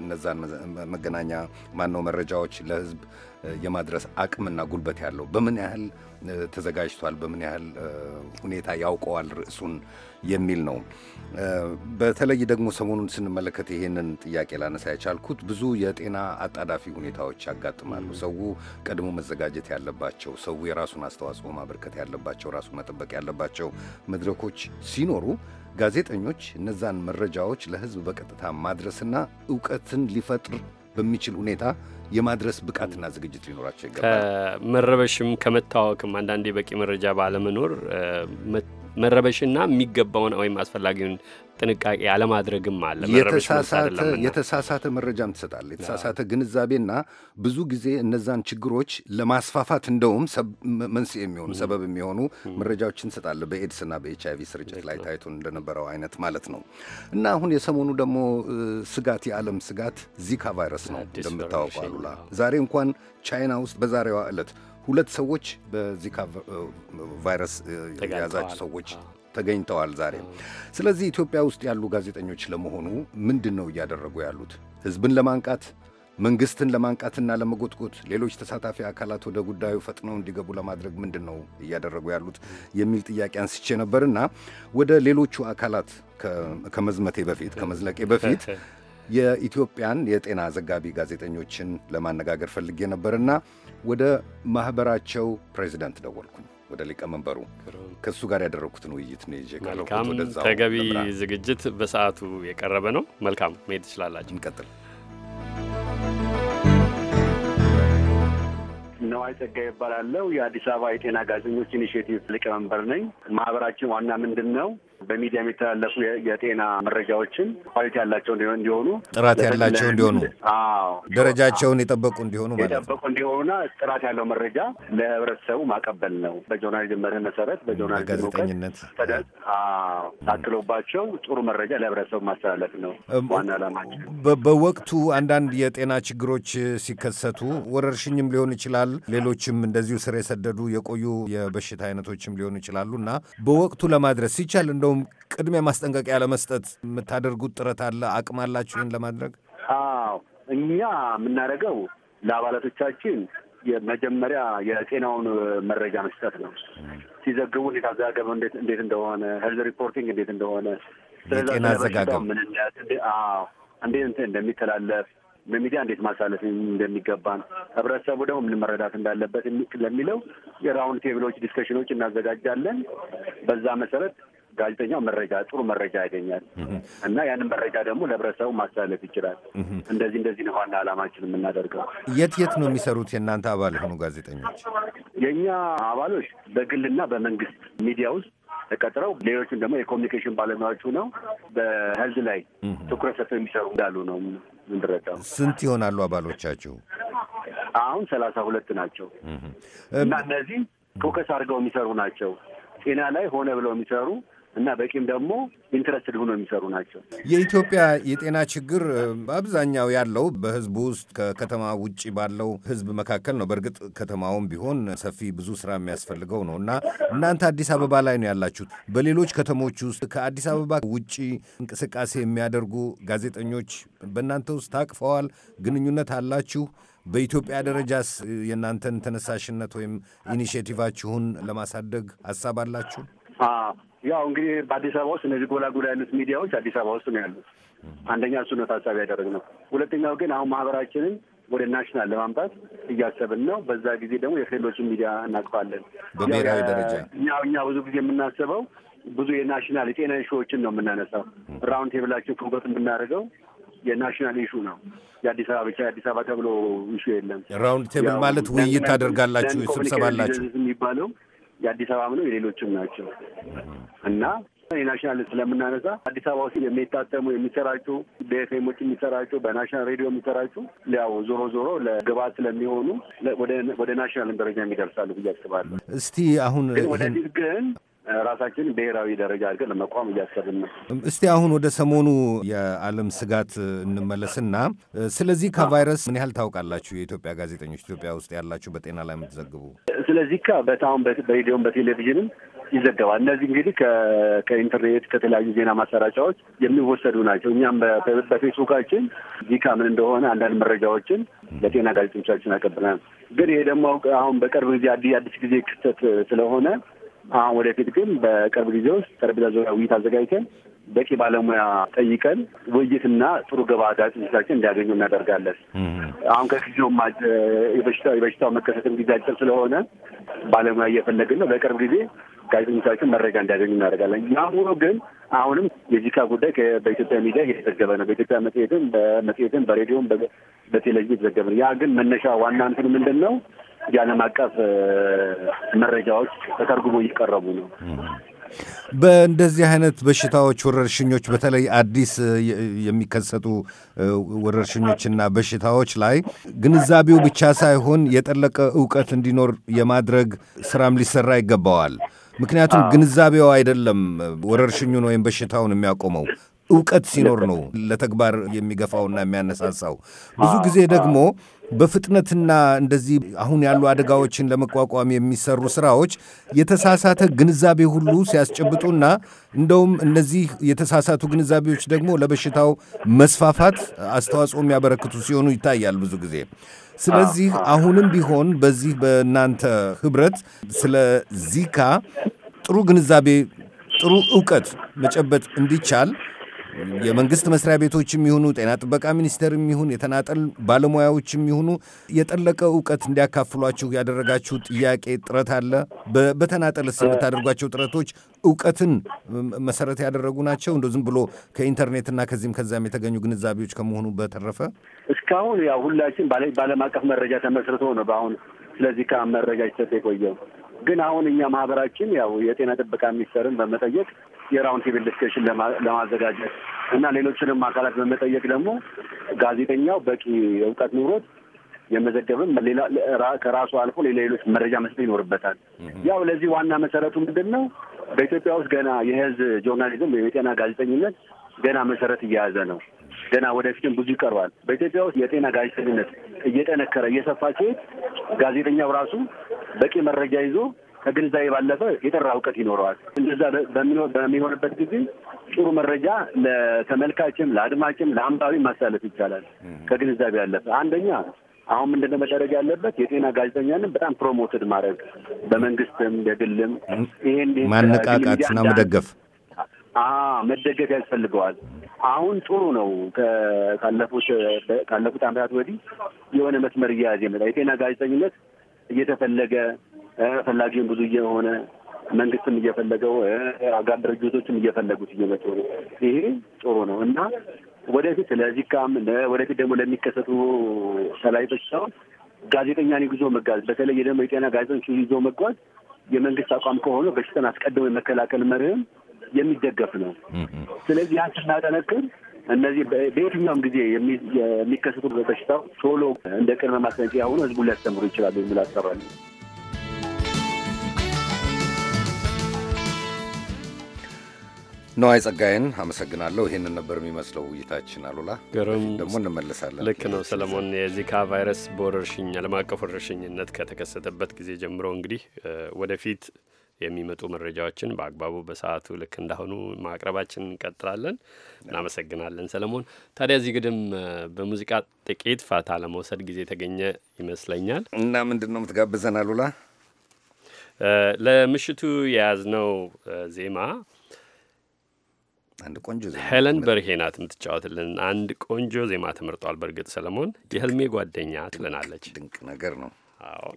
እነዛን መገናኛ ማነው መረጃዎች ለህዝብ የማድረስ አቅምና ጉልበት ያለው በምን ያህል ተዘጋጅቷል፣ በምን ያህል ሁኔታ ያውቀዋል ርዕሱን የሚል ነው። በተለይ ደግሞ ሰሞኑን ስንመለከት ይሄንን ጥያቄ ላነሳ የቻልኩት ብዙ የጤና አጣዳፊ ሁኔታዎች ያጋጥማሉ። ሰው ቀድሞ መዘጋጀት ያለባቸው፣ ሰው የራሱን አስተዋጽኦ ማበርከት ያለባቸው፣ ራሱን መጠበቅ ያለባቸው መድረኮች ሲኖሩ ጋዜጠኞች እነዛን መረጃዎች ለሕዝብ በቀጥታ ማድረስና እውቀትን ሊፈጥር በሚችል ሁኔታ የማድረስ ብቃትና ዝግጅት ሊኖራቸው ይገባል። ከመረበሽም ከመታወክም አንዳንዴ በቂ መረጃ ባለመኖር መረበሽና የሚገባውን ወይም አስፈላጊውን ጥንቃቄ አለማድረግም አለ። የተሳሳተ መረጃም ትሰጣለ። የተሳሳተ ግንዛቤና ብዙ ጊዜ እነዛን ችግሮች ለማስፋፋት እንደውም መንስኤ የሚሆኑ ሰበብ የሚሆኑ መረጃዎችን ትሰጣለ። በኤድስና በኤች አይቪ ስርጭት ላይ ታይቶ እንደነበረው አይነት ማለት ነው። እና አሁን የሰሞኑ ደግሞ ስጋት የዓለም ስጋት ዚካ ቫይረስ ነው እንደምታወቁ አሉላ። ዛሬ እንኳን ቻይና ውስጥ በዛሬዋ ዕለት ሁለት ሰዎች በዚካ ቫይረስ የያዛቸው ሰዎች ተገኝተዋል ዛሬ። ስለዚህ ኢትዮጵያ ውስጥ ያሉ ጋዜጠኞች ለመሆኑ ምንድን ነው እያደረጉ ያሉት? ህዝብን ለማንቃት መንግስትን ለማንቃትና ለመጎትጎት ሌሎች ተሳታፊ አካላት ወደ ጉዳዩ ፈጥነው እንዲገቡ ለማድረግ ምንድን ነው እያደረጉ ያሉት የሚል ጥያቄ አንስቼ ነበርና ወደ ሌሎቹ አካላት ከመዝመቴ በፊት ከመዝለቄ በፊት *laughs* የኢትዮጵያን የጤና ዘጋቢ ጋዜጠኞችን ለማነጋገር ፈልጌ ነበርና ወደ ማኅበራቸው ፕሬዚደንት ደወልኩኝ። ወደ ሊቀመንበሩ ከእሱ ጋር ያደረግኩትን ውይይት ነው ይዤ መልካም ተገቢ ዝግጅት በሰዓቱ የቀረበ ነው። መልካም መሄድ ትችላላችሁ። እንቀጥል። ነዋይ ጸጋ ይባላለው። የአዲስ አበባ የጤና ጋዜጠኞች ኢኒሽቲቭ ሊቀመንበር ነኝ። ማህበራችን ዋና ምንድን ነው በሚዲያ የሚተላለፉ የጤና መረጃዎችን ኳሊቲ ያላቸው እንዲሆኑ፣ ጥራት ያላቸው እንዲሆኑ፣ ደረጃቸውን የጠበቁ እንዲሆኑ ማለት የጠበቁ እንዲሆኑና ጥራት ያለው መረጃ ለህብረተሰቡ ማቀበል ነው። በጆርናሊዝም መርህ መሰረት በጆርናሊዝም ታክሎባቸው ጥሩ መረጃ ለህብረተሰቡ ማስተላለፍ ነው ዋና ዓላማችን። በወቅቱ አንዳንድ የጤና ችግሮች ሲከሰቱ ወረርሽኝም ሊሆን ይችላል፣ ሌሎችም እንደዚሁ ስር የሰደዱ የቆዩ የበሽታ አይነቶችም ሊሆኑ ይችላሉ እና በወቅቱ ለማድረስ ሲቻል እንደውም ቅድሚያ ማስጠንቀቂያ ለመስጠት የምታደርጉት ጥረት አለ? አቅም አላችሁን ለማድረግ? አዎ እኛ የምናደርገው ለአባላቶቻችን የመጀመሪያ የጤናውን መረጃ መስጠት ነው። ሲዘግቡ እንዴት እንዴት እንደሆነ ሄልዝ ሪፖርቲንግ እንዴት እንደሆነ የጤና አዘጋገብ ምንነት እንዴት እንደሚተላለፍ በሚዲያ እንዴት ማሳለፍ እንደሚገባን ህብረተሰቡ ደግሞ ምን መረዳት እንዳለበት ለሚለው የራውንድ ቴብሎች ዲስከሽኖች እናዘጋጃለን። በዛ መሰረት ጋዜጠኛው መረጃ ጥሩ መረጃ ያገኛል እና ያንን መረጃ ደግሞ ለህብረተሰቡ ማስተላለፍ ይችላል። እንደዚህ እንደዚህ ነው ዋና የምናደርገው። የት የት ነው የሚሰሩት የእናንተ አባል የሆኑ ጋዜጠኞች? የእኛ አባሎች በግልና በመንግስት ሚዲያ ውስጥ ተቀጥረው ሌሎችም ደግሞ የኮሚኒኬሽን ባለሙያዎቹ ነው በህዝብ ላይ ትኩረት ሰጥተው የሚሰሩ እንዳሉ ነው የምንረዳው። ስንት ይሆናሉ አባሎቻችሁ? አሁን ሰላሳ ሁለት ናቸው እና እነዚህ ፎከስ አድርገው የሚሰሩ ናቸው። ጤና ላይ ሆነ ብለው የሚሰሩ እና በቂም ደግሞ ኢንትረስትድ ሆኖ የሚሰሩ ናቸው። የኢትዮጵያ የጤና ችግር በአብዛኛው ያለው በህዝቡ ውስጥ ከከተማ ውጭ ባለው ህዝብ መካከል ነው። በእርግጥ ከተማውም ቢሆን ሰፊ ብዙ ስራ የሚያስፈልገው ነው እና እናንተ አዲስ አበባ ላይ ነው ያላችሁት። በሌሎች ከተሞች ውስጥ ከአዲስ አበባ ውጭ እንቅስቃሴ የሚያደርጉ ጋዜጠኞች በእናንተ ውስጥ ታቅፈዋል? ግንኙነት አላችሁ? በኢትዮጵያ ደረጃስ የእናንተን ተነሳሽነት ወይም ኢኒሽቲቫችሁን ለማሳደግ ሀሳብ አላችሁ? ያው እንግዲህ በአዲስ አበባ ውስጥ እነዚህ ጎላጎላ ያሉት ሚዲያዎች አዲስ አበባ ውስጥ ነው ያሉት። አንደኛ እሱ ነው ታሳቢ ነው ሁለተኛው ግን አሁን ማህበራችንን ወደ ናሽናል ለማምጣት እያሰብን ነው። በዛ ጊዜ ደግሞ የክልሎችን ሚዲያ እናቅፋለን። በብሔራዊ ደረጃ እኛ ብዙ ጊዜ የምናስበው ብዙ የናሽናል የጤና ኢሹዎችን ነው የምናነሳው። ራውንድ ቴብላችን ፎከስ የምናደርገው የናሽናል ኢሹ ነው። የአዲስ አበባ ብቻ የአዲስ አበባ ተብሎ ኢሹ የለም። ራውንድ ቴብል ማለት ውይይት ታደርጋላችሁ፣ ስብሰባላችሁ የሚባለው የአዲስ አበባም ነው የሌሎችም ናቸው እና የናሽናል ስለምናነሳ አዲስ አበባ ውስጥ የሚታተሙ የሚሰራጩ በኤፍኤሞች የሚሰራጩ በናሽናል ሬዲዮ የሚሰራጩ ያው ዞሮ ዞሮ ለግባት ስለሚሆኑ ወደ ናሽናልም ደረጃ የሚደርሳሉ ብዬ አስባለሁ። እስቲ አሁን ወደፊት ግን ራሳችን ብሔራዊ ደረጃ አድርገን ለመቋም እያሰብን ነው። እስቲ አሁን ወደ ሰሞኑ የዓለም ስጋት እንመለስና ስለዚህ ከቫይረስ ምን ያህል ታውቃላችሁ? የኢትዮጵያ ጋዜጠኞች ኢትዮጵያ ውስጥ ያላችሁ በጤና ላይ የምትዘግቡ ስለዚህ ካ በታሁን በሬዲዮም በቴሌቪዥንም ይዘገባል። እነዚህ እንግዲህ ከኢንተርኔት ከተለያዩ ዜና ማሰራጫዎች የሚወሰዱ ናቸው። እኛም በፌስቡካችን ዚካ ምን እንደሆነ አንዳንድ መረጃዎችን ለጤና ጋዜጠኞቻችን አቀብለናል። ግን ይሄ ደግሞ አሁን በቅርብ ጊዜ አዲስ ጊዜ ክስተት ስለሆነ አሁን ወደፊት ግን በቅርብ ጊዜ ውስጥ ጠረጴዛ ዙሪያ ውይይት አዘጋጅተን በቂ ባለሙያ ጠይቀን ውይይትና ጥሩ ግብዓት ጋዜጠኞቻችን እንዲያገኙ እናደርጋለን። አሁን ከጊዜው የበሽታው መከሰትም ጊዜ አጭር ስለሆነ ባለሙያ እየፈለግን ነው። በቅርብ ጊዜ ጋዜጠኞቻችን መረጃ እንዲያገኙ እናደርጋለን። ያ ግን አሁንም የዚካ ጉዳይ በኢትዮጵያ ሚዲያ እየተዘገበ ነው። በኢትዮጵያ መጽሔትም በመጽሔትም በሬዲዮም በቴሌቪዥን የተዘገበ ነው። ያ ግን መነሻ ዋና እንትን ምንድን ነው የዓለም አቀፍ መረጃዎች ተተርጉሞ እየቀረቡ ነው። በእንደዚህ አይነት በሽታዎች፣ ወረርሽኞች በተለይ አዲስ የሚከሰቱ ወረርሽኞችና በሽታዎች ላይ ግንዛቤው ብቻ ሳይሆን የጠለቀ እውቀት እንዲኖር የማድረግ ስራም ሊሰራ ይገባዋል። ምክንያቱም ግንዛቤው አይደለም ወረርሽኙን ወይም በሽታውን የሚያቆመው እውቀት ሲኖር ነው ለተግባር የሚገፋውና የሚያነሳሳው። ብዙ ጊዜ ደግሞ በፍጥነትና እንደዚህ አሁን ያሉ አደጋዎችን ለመቋቋም የሚሰሩ ስራዎች የተሳሳተ ግንዛቤ ሁሉ ሲያስጨብጡና እንደውም እነዚህ የተሳሳቱ ግንዛቤዎች ደግሞ ለበሽታው መስፋፋት አስተዋጽኦ የሚያበረክቱ ሲሆኑ ይታያል ብዙ ጊዜ። ስለዚህ አሁንም ቢሆን በዚህ በእናንተ ህብረት ስለ ዚካ ጥሩ ግንዛቤ፣ ጥሩ እውቀት መጨበጥ እንዲቻል የመንግስት መስሪያ ቤቶች የሚሆኑ ጤና ጥበቃ ሚኒስቴር የሚሆን የተናጠል ባለሙያዎች የሚሆኑ የጠለቀ እውቀት እንዲያካፍሏችሁ ያደረጋችሁ ጥያቄ ጥረት አለ? ስ የምታደርጓቸው ጥረቶች እውቀትን መሰረት ያደረጉ ናቸው? እንደ ዝም ብሎ ከኢንተርኔትና ከዚህም ከዚያም የተገኙ ግንዛቤዎች ከመሆኑ በተረፈ እስካሁን ያው ሁላችን በዓለም አቀፍ መረጃ ተመስርቶ ነው በአሁን ስለዚህ ከመረጃ ይሰጥ የቆየው ግን አሁን እኛ ማህበራችን ያው የጤና ጥበቃ ሚኒስቴርን በመጠየቅ የራውንድ ቴብል ዲስከሽን ለማዘጋጀት እና ሌሎችንም አካላት በመጠየቅ ደግሞ ጋዜጠኛው በቂ እውቀት ኑሮት የመዘገብም ሌላ ከራሱ አልፎ ሌሎች መረጃ መስጠት ይኖርበታል። ያው ለዚህ ዋና መሰረቱ ምንድን ነው? በኢትዮጵያ ውስጥ ገና የህዝብ ጆርናሊዝም ወይም የጤና ጋዜጠኝነት ገና መሰረት እየያዘ ነው። ገና ወደፊትም ብዙ ይቀርባል። በኢትዮጵያ ውስጥ የጤና ጋዜጠኝነት እየጠነከረ እየሰፋ ሲሄድ ጋዜጠኛው ራሱ በቂ መረጃ ይዞ ከግንዛቤ ባለፈ የጠራ እውቀት ይኖረዋል። እንደዛ በሚሆንበት ጊዜ ጥሩ መረጃ ለተመልካችም፣ ለአድማጭም፣ ለአንባቢ ማሳለፍ ይቻላል። ከግንዛቤ ያለፈ አንደኛ አሁን ምንድነው መደረግ ያለበት? የጤና ጋዜጠኛንም በጣም ፕሮሞትድ ማድረግ በመንግስትም የግልም ይሄን ማነቃቃትና መደገፍ መደገፍ ያስፈልገዋል። አሁን ጥሩ ነው። ካለፉት ካለፉት ዓመታት ወዲህ የሆነ መስመር እየያዘ የመጣ የጤና ጋዜጠኝነት እየተፈለገ ፈላጊውን ብዙ እየሆነ መንግስትም እየፈለገው አጋር ድርጅቶችም እየፈለጉት እየመጡ ነው። ይሄ ጥሩ ነው እና ወደፊት ስለዚህ ለዚካም ወደፊት ደግሞ ለሚከሰቱ ሰላይቶች ሰው ጋዜጠኛ ይዞ መጓዝ በተለይ ደግሞ የጤና ጋዜጠኞች ይዞ መጓዝ የመንግስት አቋም ከሆነ በሽታን አስቀድሞ የመከላከል መርህም የሚደገፍ ነው። ስለዚህ ያን ስናጠነክር እነዚህ በየትኛውም ጊዜ የሚከሰቱ በሽታው ቶሎ እንደ ቅድመ ማስጠንቀቂያ ሆኖ ህዝቡን ሊያስተምሩ ይችላሉ የሚል አሰባለሁ። ነዋይ ጸጋዬን አመሰግናለሁ። ይህንን ነበር የሚመስለው ውይይታችን። አሉላ ግሩም፣ ደግሞ እንመለሳለን። ልክ ነው ሰለሞን። የዚካ ቫይረስ በወረርሽኝ ዓለም አቀፍ ወረርሽኝነት ከተከሰተበት ጊዜ ጀምሮ እንግዲህ ወደፊት የሚመጡ መረጃዎችን በአግባቡ በሰዓቱ ልክ እንዳሁኑ ማቅረባችን እንቀጥላለን። እናመሰግናለን ሰለሞን። ታዲያ እዚህ ግድም በሙዚቃ ጥቂት ፋታ ለመውሰድ ጊዜ የተገኘ ይመስለኛል እና ምንድን ነው የምትጋብዘን አሉላ? ለምሽቱ የያዝነው ዜማ አንድ ቆንጆ ዜማ ሄለን በርሄ ናት የምትጫወትልን። አንድ ቆንጆ ዜማ ተመርጧል። በእርግጥ ሰለሞን የህልሜ ጓደኛ ትለናለች። ድንቅ ነገር ነው። አዎ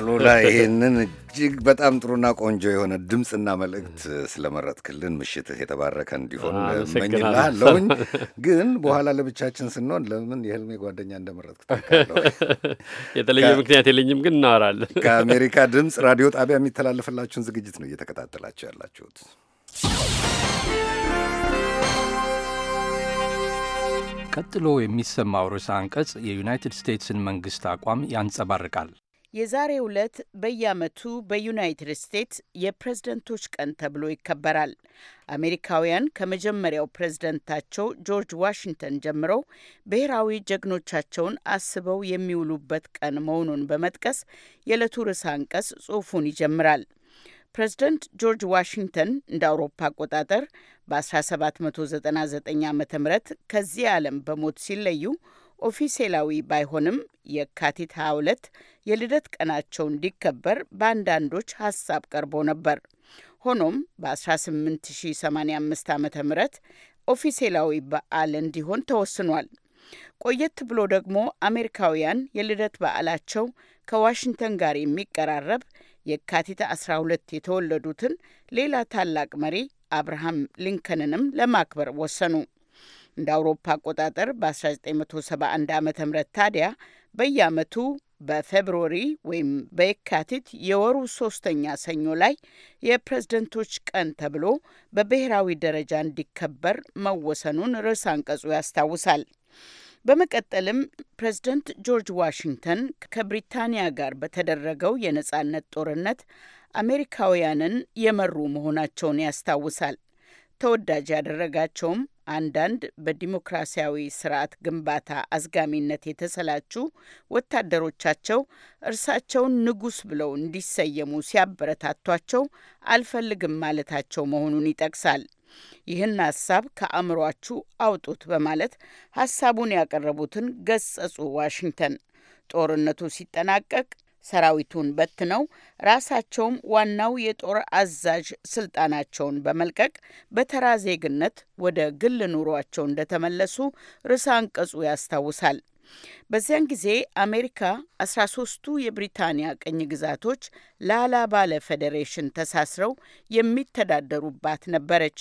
አሉላ *laughs* ይህንን እጅግ በጣም ጥሩና ቆንጆ የሆነ ድምፅና መልእክት ስለመረጥክልን ምሽትህ የተባረከ እንዲሆን መኝላለሁኝ። ግን በኋላ ለብቻችን ስንሆን ለምን የህልሜ ጓደኛ እንደመረጥክ *laughs* የተለየ ምክንያት የለኝም፣ ግን እናወራለን። *laughs* ከአሜሪካ ድምፅ ራዲዮ ጣቢያ የሚተላለፍላችሁን ዝግጅት ነው እየተከታተላችሁ ያላችሁት። ቀጥሎ የሚሰማው ርዕሰ አንቀጽ የዩናይትድ ስቴትስን መንግሥት አቋም ያንጸባርቃል። የዛሬ ዕለት በየዓመቱ በዩናይትድ ስቴትስ የፕሬዝደንቶች ቀን ተብሎ ይከበራል። አሜሪካውያን ከመጀመሪያው ፕሬዝደንታቸው ጆርጅ ዋሽንግተን ጀምሮ ብሔራዊ ጀግኖቻቸውን አስበው የሚውሉበት ቀን መሆኑን በመጥቀስ የዕለቱ ርዕሰ አንቀጽ ጽሑፉን ይጀምራል። ፕሬዝደንት ጆርጅ ዋሽንግተን እንደ አውሮፓ አቆጣጠር በ1799 ዓ ም ከዚህ ዓለም በሞት ሲለዩ ኦፊሴላዊ ባይሆንም የካቲት 22 የልደት ቀናቸው እንዲከበር በአንዳንዶች ሀሳብ ቀርቦ ነበር። ሆኖም በ1885 ዓ ም ኦፊሴላዊ በዓል እንዲሆን ተወስኗል። ቆየት ብሎ ደግሞ አሜሪካውያን የልደት በዓላቸው ከዋሽንግተን ጋር የሚቀራረብ የካቲት 12 የተወለዱትን ሌላ ታላቅ መሪ አብርሃም ሊንከንንም ለማክበር ወሰኑ። እንደ አውሮፓ አቆጣጠር በ1971 ዓ ም ታዲያ በየዓመቱ በፌብሩዋሪ ወይም በየካቲት የወሩ ሶስተኛ ሰኞ ላይ የፕሬዝደንቶች ቀን ተብሎ በብሔራዊ ደረጃ እንዲከበር መወሰኑን ርዕስ አንቀጹ ያስታውሳል። በመቀጠልም ፕሬዝደንት ጆርጅ ዋሽንግተን ከብሪታንያ ጋር በተደረገው የነጻነት ጦርነት አሜሪካውያንን የመሩ መሆናቸውን ያስታውሳል። ተወዳጅ ያደረጋቸውም አንዳንድ በዲሞክራሲያዊ ስርዓት ግንባታ አዝጋሚነት የተሰላቹ ወታደሮቻቸው እርሳቸውን ንጉስ ብለው እንዲሰየሙ ሲያበረታቷቸው አልፈልግም ማለታቸው መሆኑን ይጠቅሳል። ይህን ሀሳብ ከአእምሯችሁ አውጡት በማለት ሀሳቡን ያቀረቡትን ገጸጹ ዋሽንግተን። ጦርነቱ ሲጠናቀቅ ሰራዊቱን በትነው ራሳቸውም ዋናው የጦር አዛዥ ስልጣናቸውን በመልቀቅ በተራ ዜግነት ወደ ግል ኑሯቸው እንደተመለሱ ርዕሰ አንቀጹ ያስታውሳል። በዚያን ጊዜ አሜሪካ 13ቱ የብሪታንያ ቅኝ ግዛቶች ላላ ባለ ፌዴሬሽን ተሳስረው የሚተዳደሩባት ነበረች።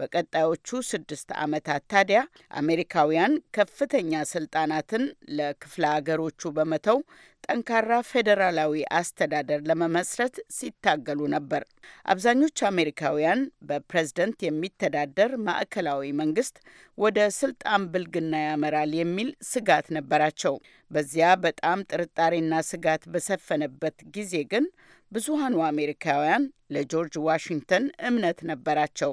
በቀጣዮቹ ስድስት ዓመታት ታዲያ አሜሪካውያን ከፍተኛ ስልጣናትን ለክፍለ ሀገሮቹ በመተው ጠንካራ ፌዴራላዊ አስተዳደር ለመመስረት ሲታገሉ ነበር። አብዛኞቹ አሜሪካውያን በፕሬዝደንት የሚተዳደር ማዕከላዊ መንግስት ወደ ስልጣን ብልግና ያመራል የሚል ስጋት ነበራቸው። በዚያ በጣም ጥርጣሬና ስጋት በሰፈነበት ጊዜ ግን ብዙሃኑ አሜሪካውያን ለጆርጅ ዋሽንግተን እምነት ነበራቸው።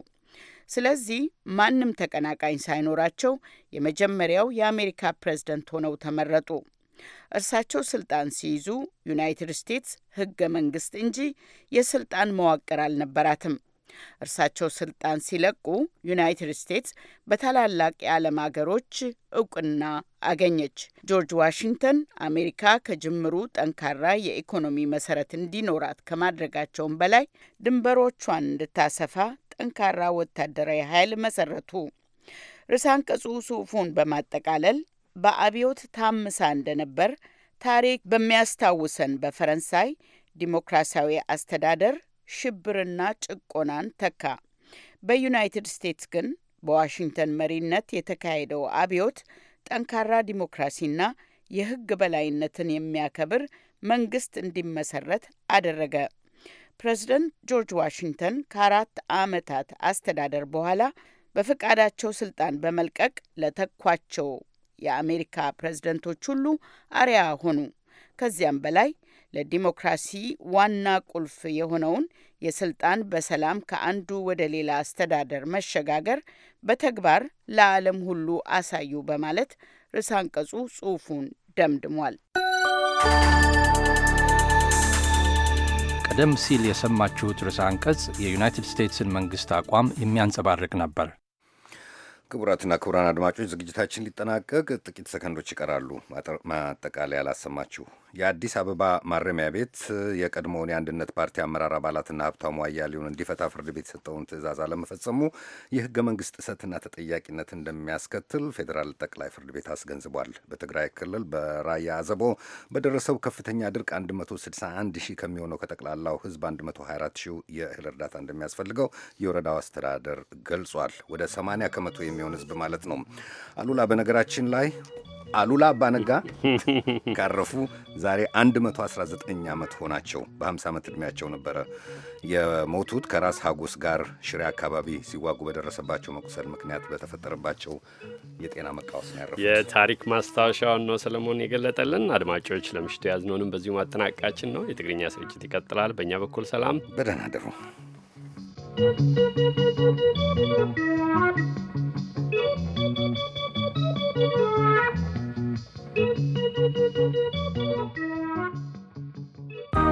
ስለዚህ ማንም ተቀናቃኝ ሳይኖራቸው የመጀመሪያው የአሜሪካ ፕሬዝደንት ሆነው ተመረጡ። እርሳቸው ስልጣን ሲይዙ ዩናይትድ ስቴትስ ህገ መንግስት እንጂ የስልጣን መዋቅር አልነበራትም። እርሳቸው ስልጣን ሲለቁ ዩናይትድ ስቴትስ በታላላቅ የዓለም አገሮች እውቅና አገኘች። ጆርጅ ዋሽንግተን አሜሪካ ከጅምሩ ጠንካራ የኢኮኖሚ መሰረት እንዲኖራት ከማድረጋቸውም በላይ ድንበሮቿን እንድታሰፋ ጠንካራ ወታደራዊ ኃይል መሰረቱ። ርዕሰ አንቀጹ ጽሑፉን በማጠቃለል በአብዮት ታምሳ እንደነበር ታሪክ በሚያስታውሰን በፈረንሳይ ዲሞክራሲያዊ አስተዳደር ሽብርና ጭቆናን ተካ። በዩናይትድ ስቴትስ ግን በዋሽንግተን መሪነት የተካሄደው አብዮት ጠንካራ ዲሞክራሲና የሕግ በላይነትን የሚያከብር መንግስት እንዲመሰረት አደረገ። ፕሬዝደንት ጆርጅ ዋሽንግተን ከአራት ዓመታት አስተዳደር በኋላ በፈቃዳቸው ስልጣን በመልቀቅ ለተኳቸው የአሜሪካ ፕሬዝደንቶች ሁሉ አርያ ሆኑ። ከዚያም በላይ ለዲሞክራሲ ዋና ቁልፍ የሆነውን የስልጣን በሰላም ከአንዱ ወደ ሌላ አስተዳደር መሸጋገር በተግባር ለዓለም ሁሉ አሳዩ በማለት ርዕሰ አንቀጹ ጽሑፉን ደምድሟል። ቀደም ሲል የሰማችሁት ርዕሰ አንቀጽ የዩናይትድ ስቴትስን መንግሥት አቋም የሚያንጸባርቅ ነበር። ክቡራትና ክቡራን አድማጮች ዝግጅታችን ሊጠናቀቅ ጥቂት ሰከንዶች ይቀራሉ። ማጠቃለያ አላሰማችሁ። የአዲስ አበባ ማረሚያ ቤት የቀድሞውን የአንድነት ፓርቲ አመራር አባላትና ሀብታሙ አያሌውን እንዲፈታ ፍርድ ቤት የሰጠውን ትዕዛዝ አለመፈጸሙ የህገ መንግስት ጥሰትና ተጠያቂነት እንደሚያስከትል ፌዴራል ጠቅላይ ፍርድ ቤት አስገንዝቧል። በትግራይ ክልል በራያ አዘቦ በደረሰው ከፍተኛ ድርቅ 161 ሺህ ከሚሆነው ከጠቅላላው ህዝብ 124 ሺህ የእህል እርዳታ እንደሚያስፈልገው የወረዳው አስተዳደር ገልጿል። ወደ 80 ከመቶ የሚሆን ህዝብ ማለት ነው። አሉላ በነገራችን ላይ አሉላ አባነጋ ካረፉ ዛሬ 119 ዓመት ሆናቸው። በ50 ዓመት ዕድሜያቸው ነበረ የሞቱት ከራስ ሀጎስ ጋር ሽሬ አካባቢ ሲዋጉ በደረሰባቸው መቁሰል ምክንያት በተፈጠረባቸው የጤና መቃወስ ነው ያረፉት። የታሪክ ማስታወሻውን ነው ሰለሞን የገለጠልን። አድማጮች፣ ለምሽቱ ያዝነውንም በዚሁ ማጠናቀቃችን ነው። የትግርኛ ስርጭት ይቀጥላል። በእኛ በኩል ሰላም፣ በደህና አደሩ። Thank you. Thank you.